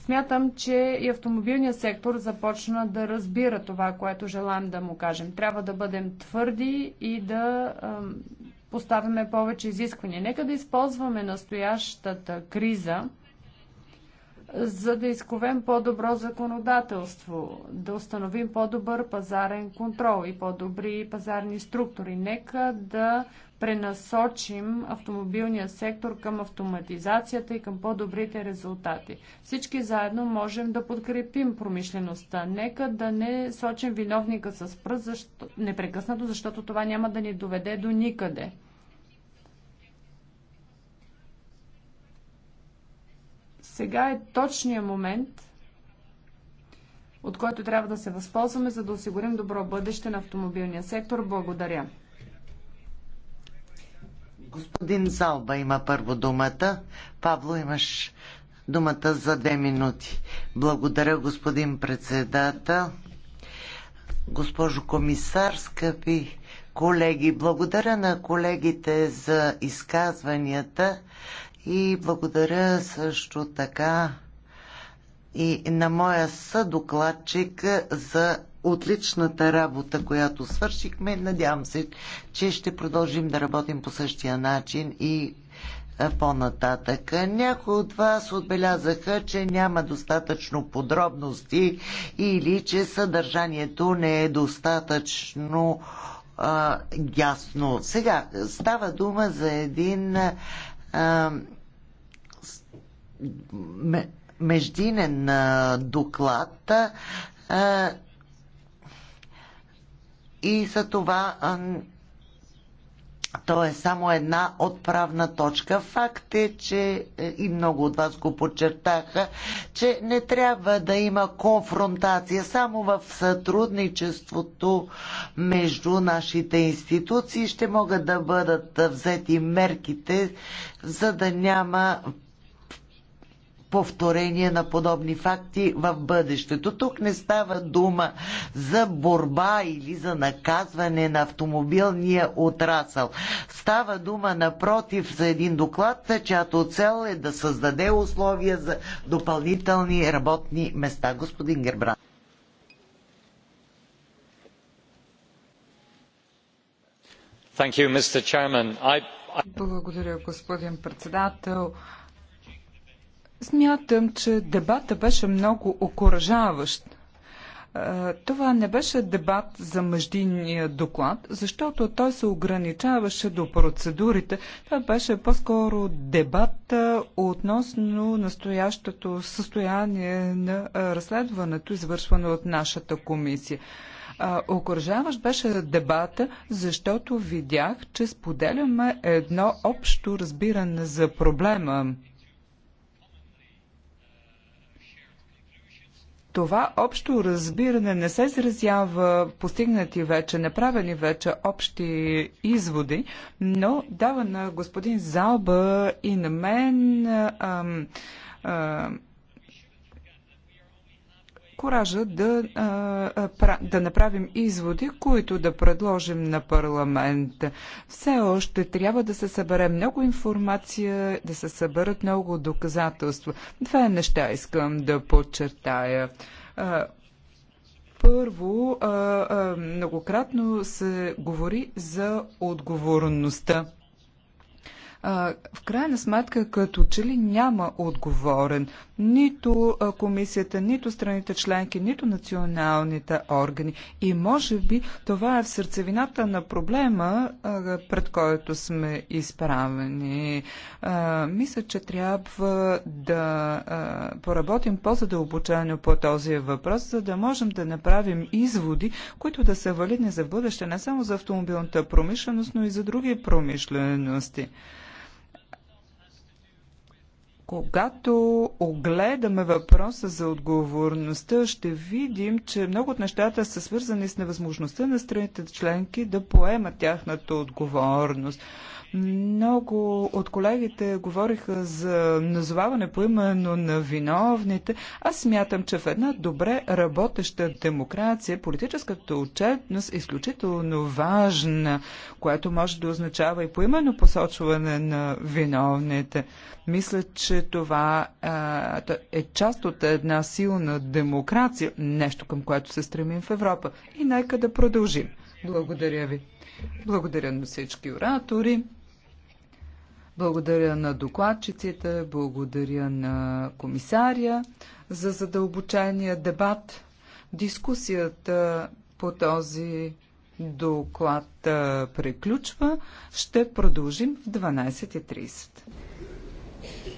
Смятам, че и автомобилният сектор започна да разбира това, което желаем да му кажем. Трябва да бъдем твърди и да поставяме повече изисквания. Нека да използваме настоящата криза за да изковем по-добро законодателство, да установим по-добър пазарен контрол и по-добри пазарни структури. Нека да пренасочим автомобилния сектор към автоматизацията и към по-добрите резултати. Всички заедно можем да подкрепим промишлеността. Нека да не сочим виновника с пръст защо... непрекъснато, защото това няма да ни доведе до никъде. Сега е точният момент, от който трябва да се възползваме, за да осигурим добро бъдеще на автомобилния сектор. Благодаря. Господин Залба има първо думата. Павло, имаш думата за две минути. Благодаря, господин председател. Госпожо комисар, скъпи колеги, благодаря на колегите за изказванията. И благодаря също така и на моя съдокладчик за отличната работа, която свършихме. Надявам се, че ще продължим да работим по същия начин и по-нататък. Някои от вас отбелязаха, че няма достатъчно подробности или че съдържанието не е достатъчно а, ясно. Сега става дума за един а, междинен доклад и за това то е само една отправна точка. Факт е, че е, и много от вас го подчертаха, че не трябва да има конфронтация само в сътрудничеството между нашите институции. Ще могат да бъдат взети мерките, за да няма повторение на подобни факти в бъдещето. Тук не става дума за борба или за наказване на автомобилния отрасъл. Става дума напротив за един доклад, чиято цел е да създаде условия за допълнителни работни места. Господин Гербран. Благодаря, господин председател. Смятам, че дебата беше много окоръжаващ. Е, това не беше дебат за междинния доклад, защото той се ограничаваше до процедурите. Това беше по-скоро дебат е, относно настоящото състояние на е, разследването, извършвано от нашата комисия. Окоръжаващ беше дебата, защото видях, че споделяме едно общо разбиране за проблема. това общо разбиране не се изразява постигнати вече, направени вече общи изводи, но дава на господин Залба и на мен ам, ам, коража да, да направим изводи, които да предложим на парламента. Все още трябва да се събере много информация, да се съберат много доказателства. Две неща искам да подчертая първо, многократно се говори за отговорността в крайна сметка, като че ли няма отговорен нито комисията, нито страните членки, нито националните органи. И може би това е в сърцевината на проблема, пред който сме изправени. Мисля, че трябва да поработим по-задълбочено по този въпрос, за да можем да направим изводи, които да са валидни за бъдеще, не само за автомобилната промишленост, но и за други промишлености. Когато огледаме въпроса за отговорността, ще видим, че много от нещата са свързани с невъзможността на страните членки да поемат тяхната отговорност. Много от колегите говориха за назоваване по именно на виновните. Аз смятам, че в една добре работеща демокрация политическата отчетност е изключително важна, което може да означава и по именно посочване на виновните. Мисля, че това е част от една силна демокрация, нещо към което се стремим в Европа. И нека да продължим. Благодаря ви. Благодаря на всички оратори. Благодаря на докладчиците, благодаря на комисаря за задълбочения дебат. Дискусията по този доклад приключва. Ще продължим в 12.30.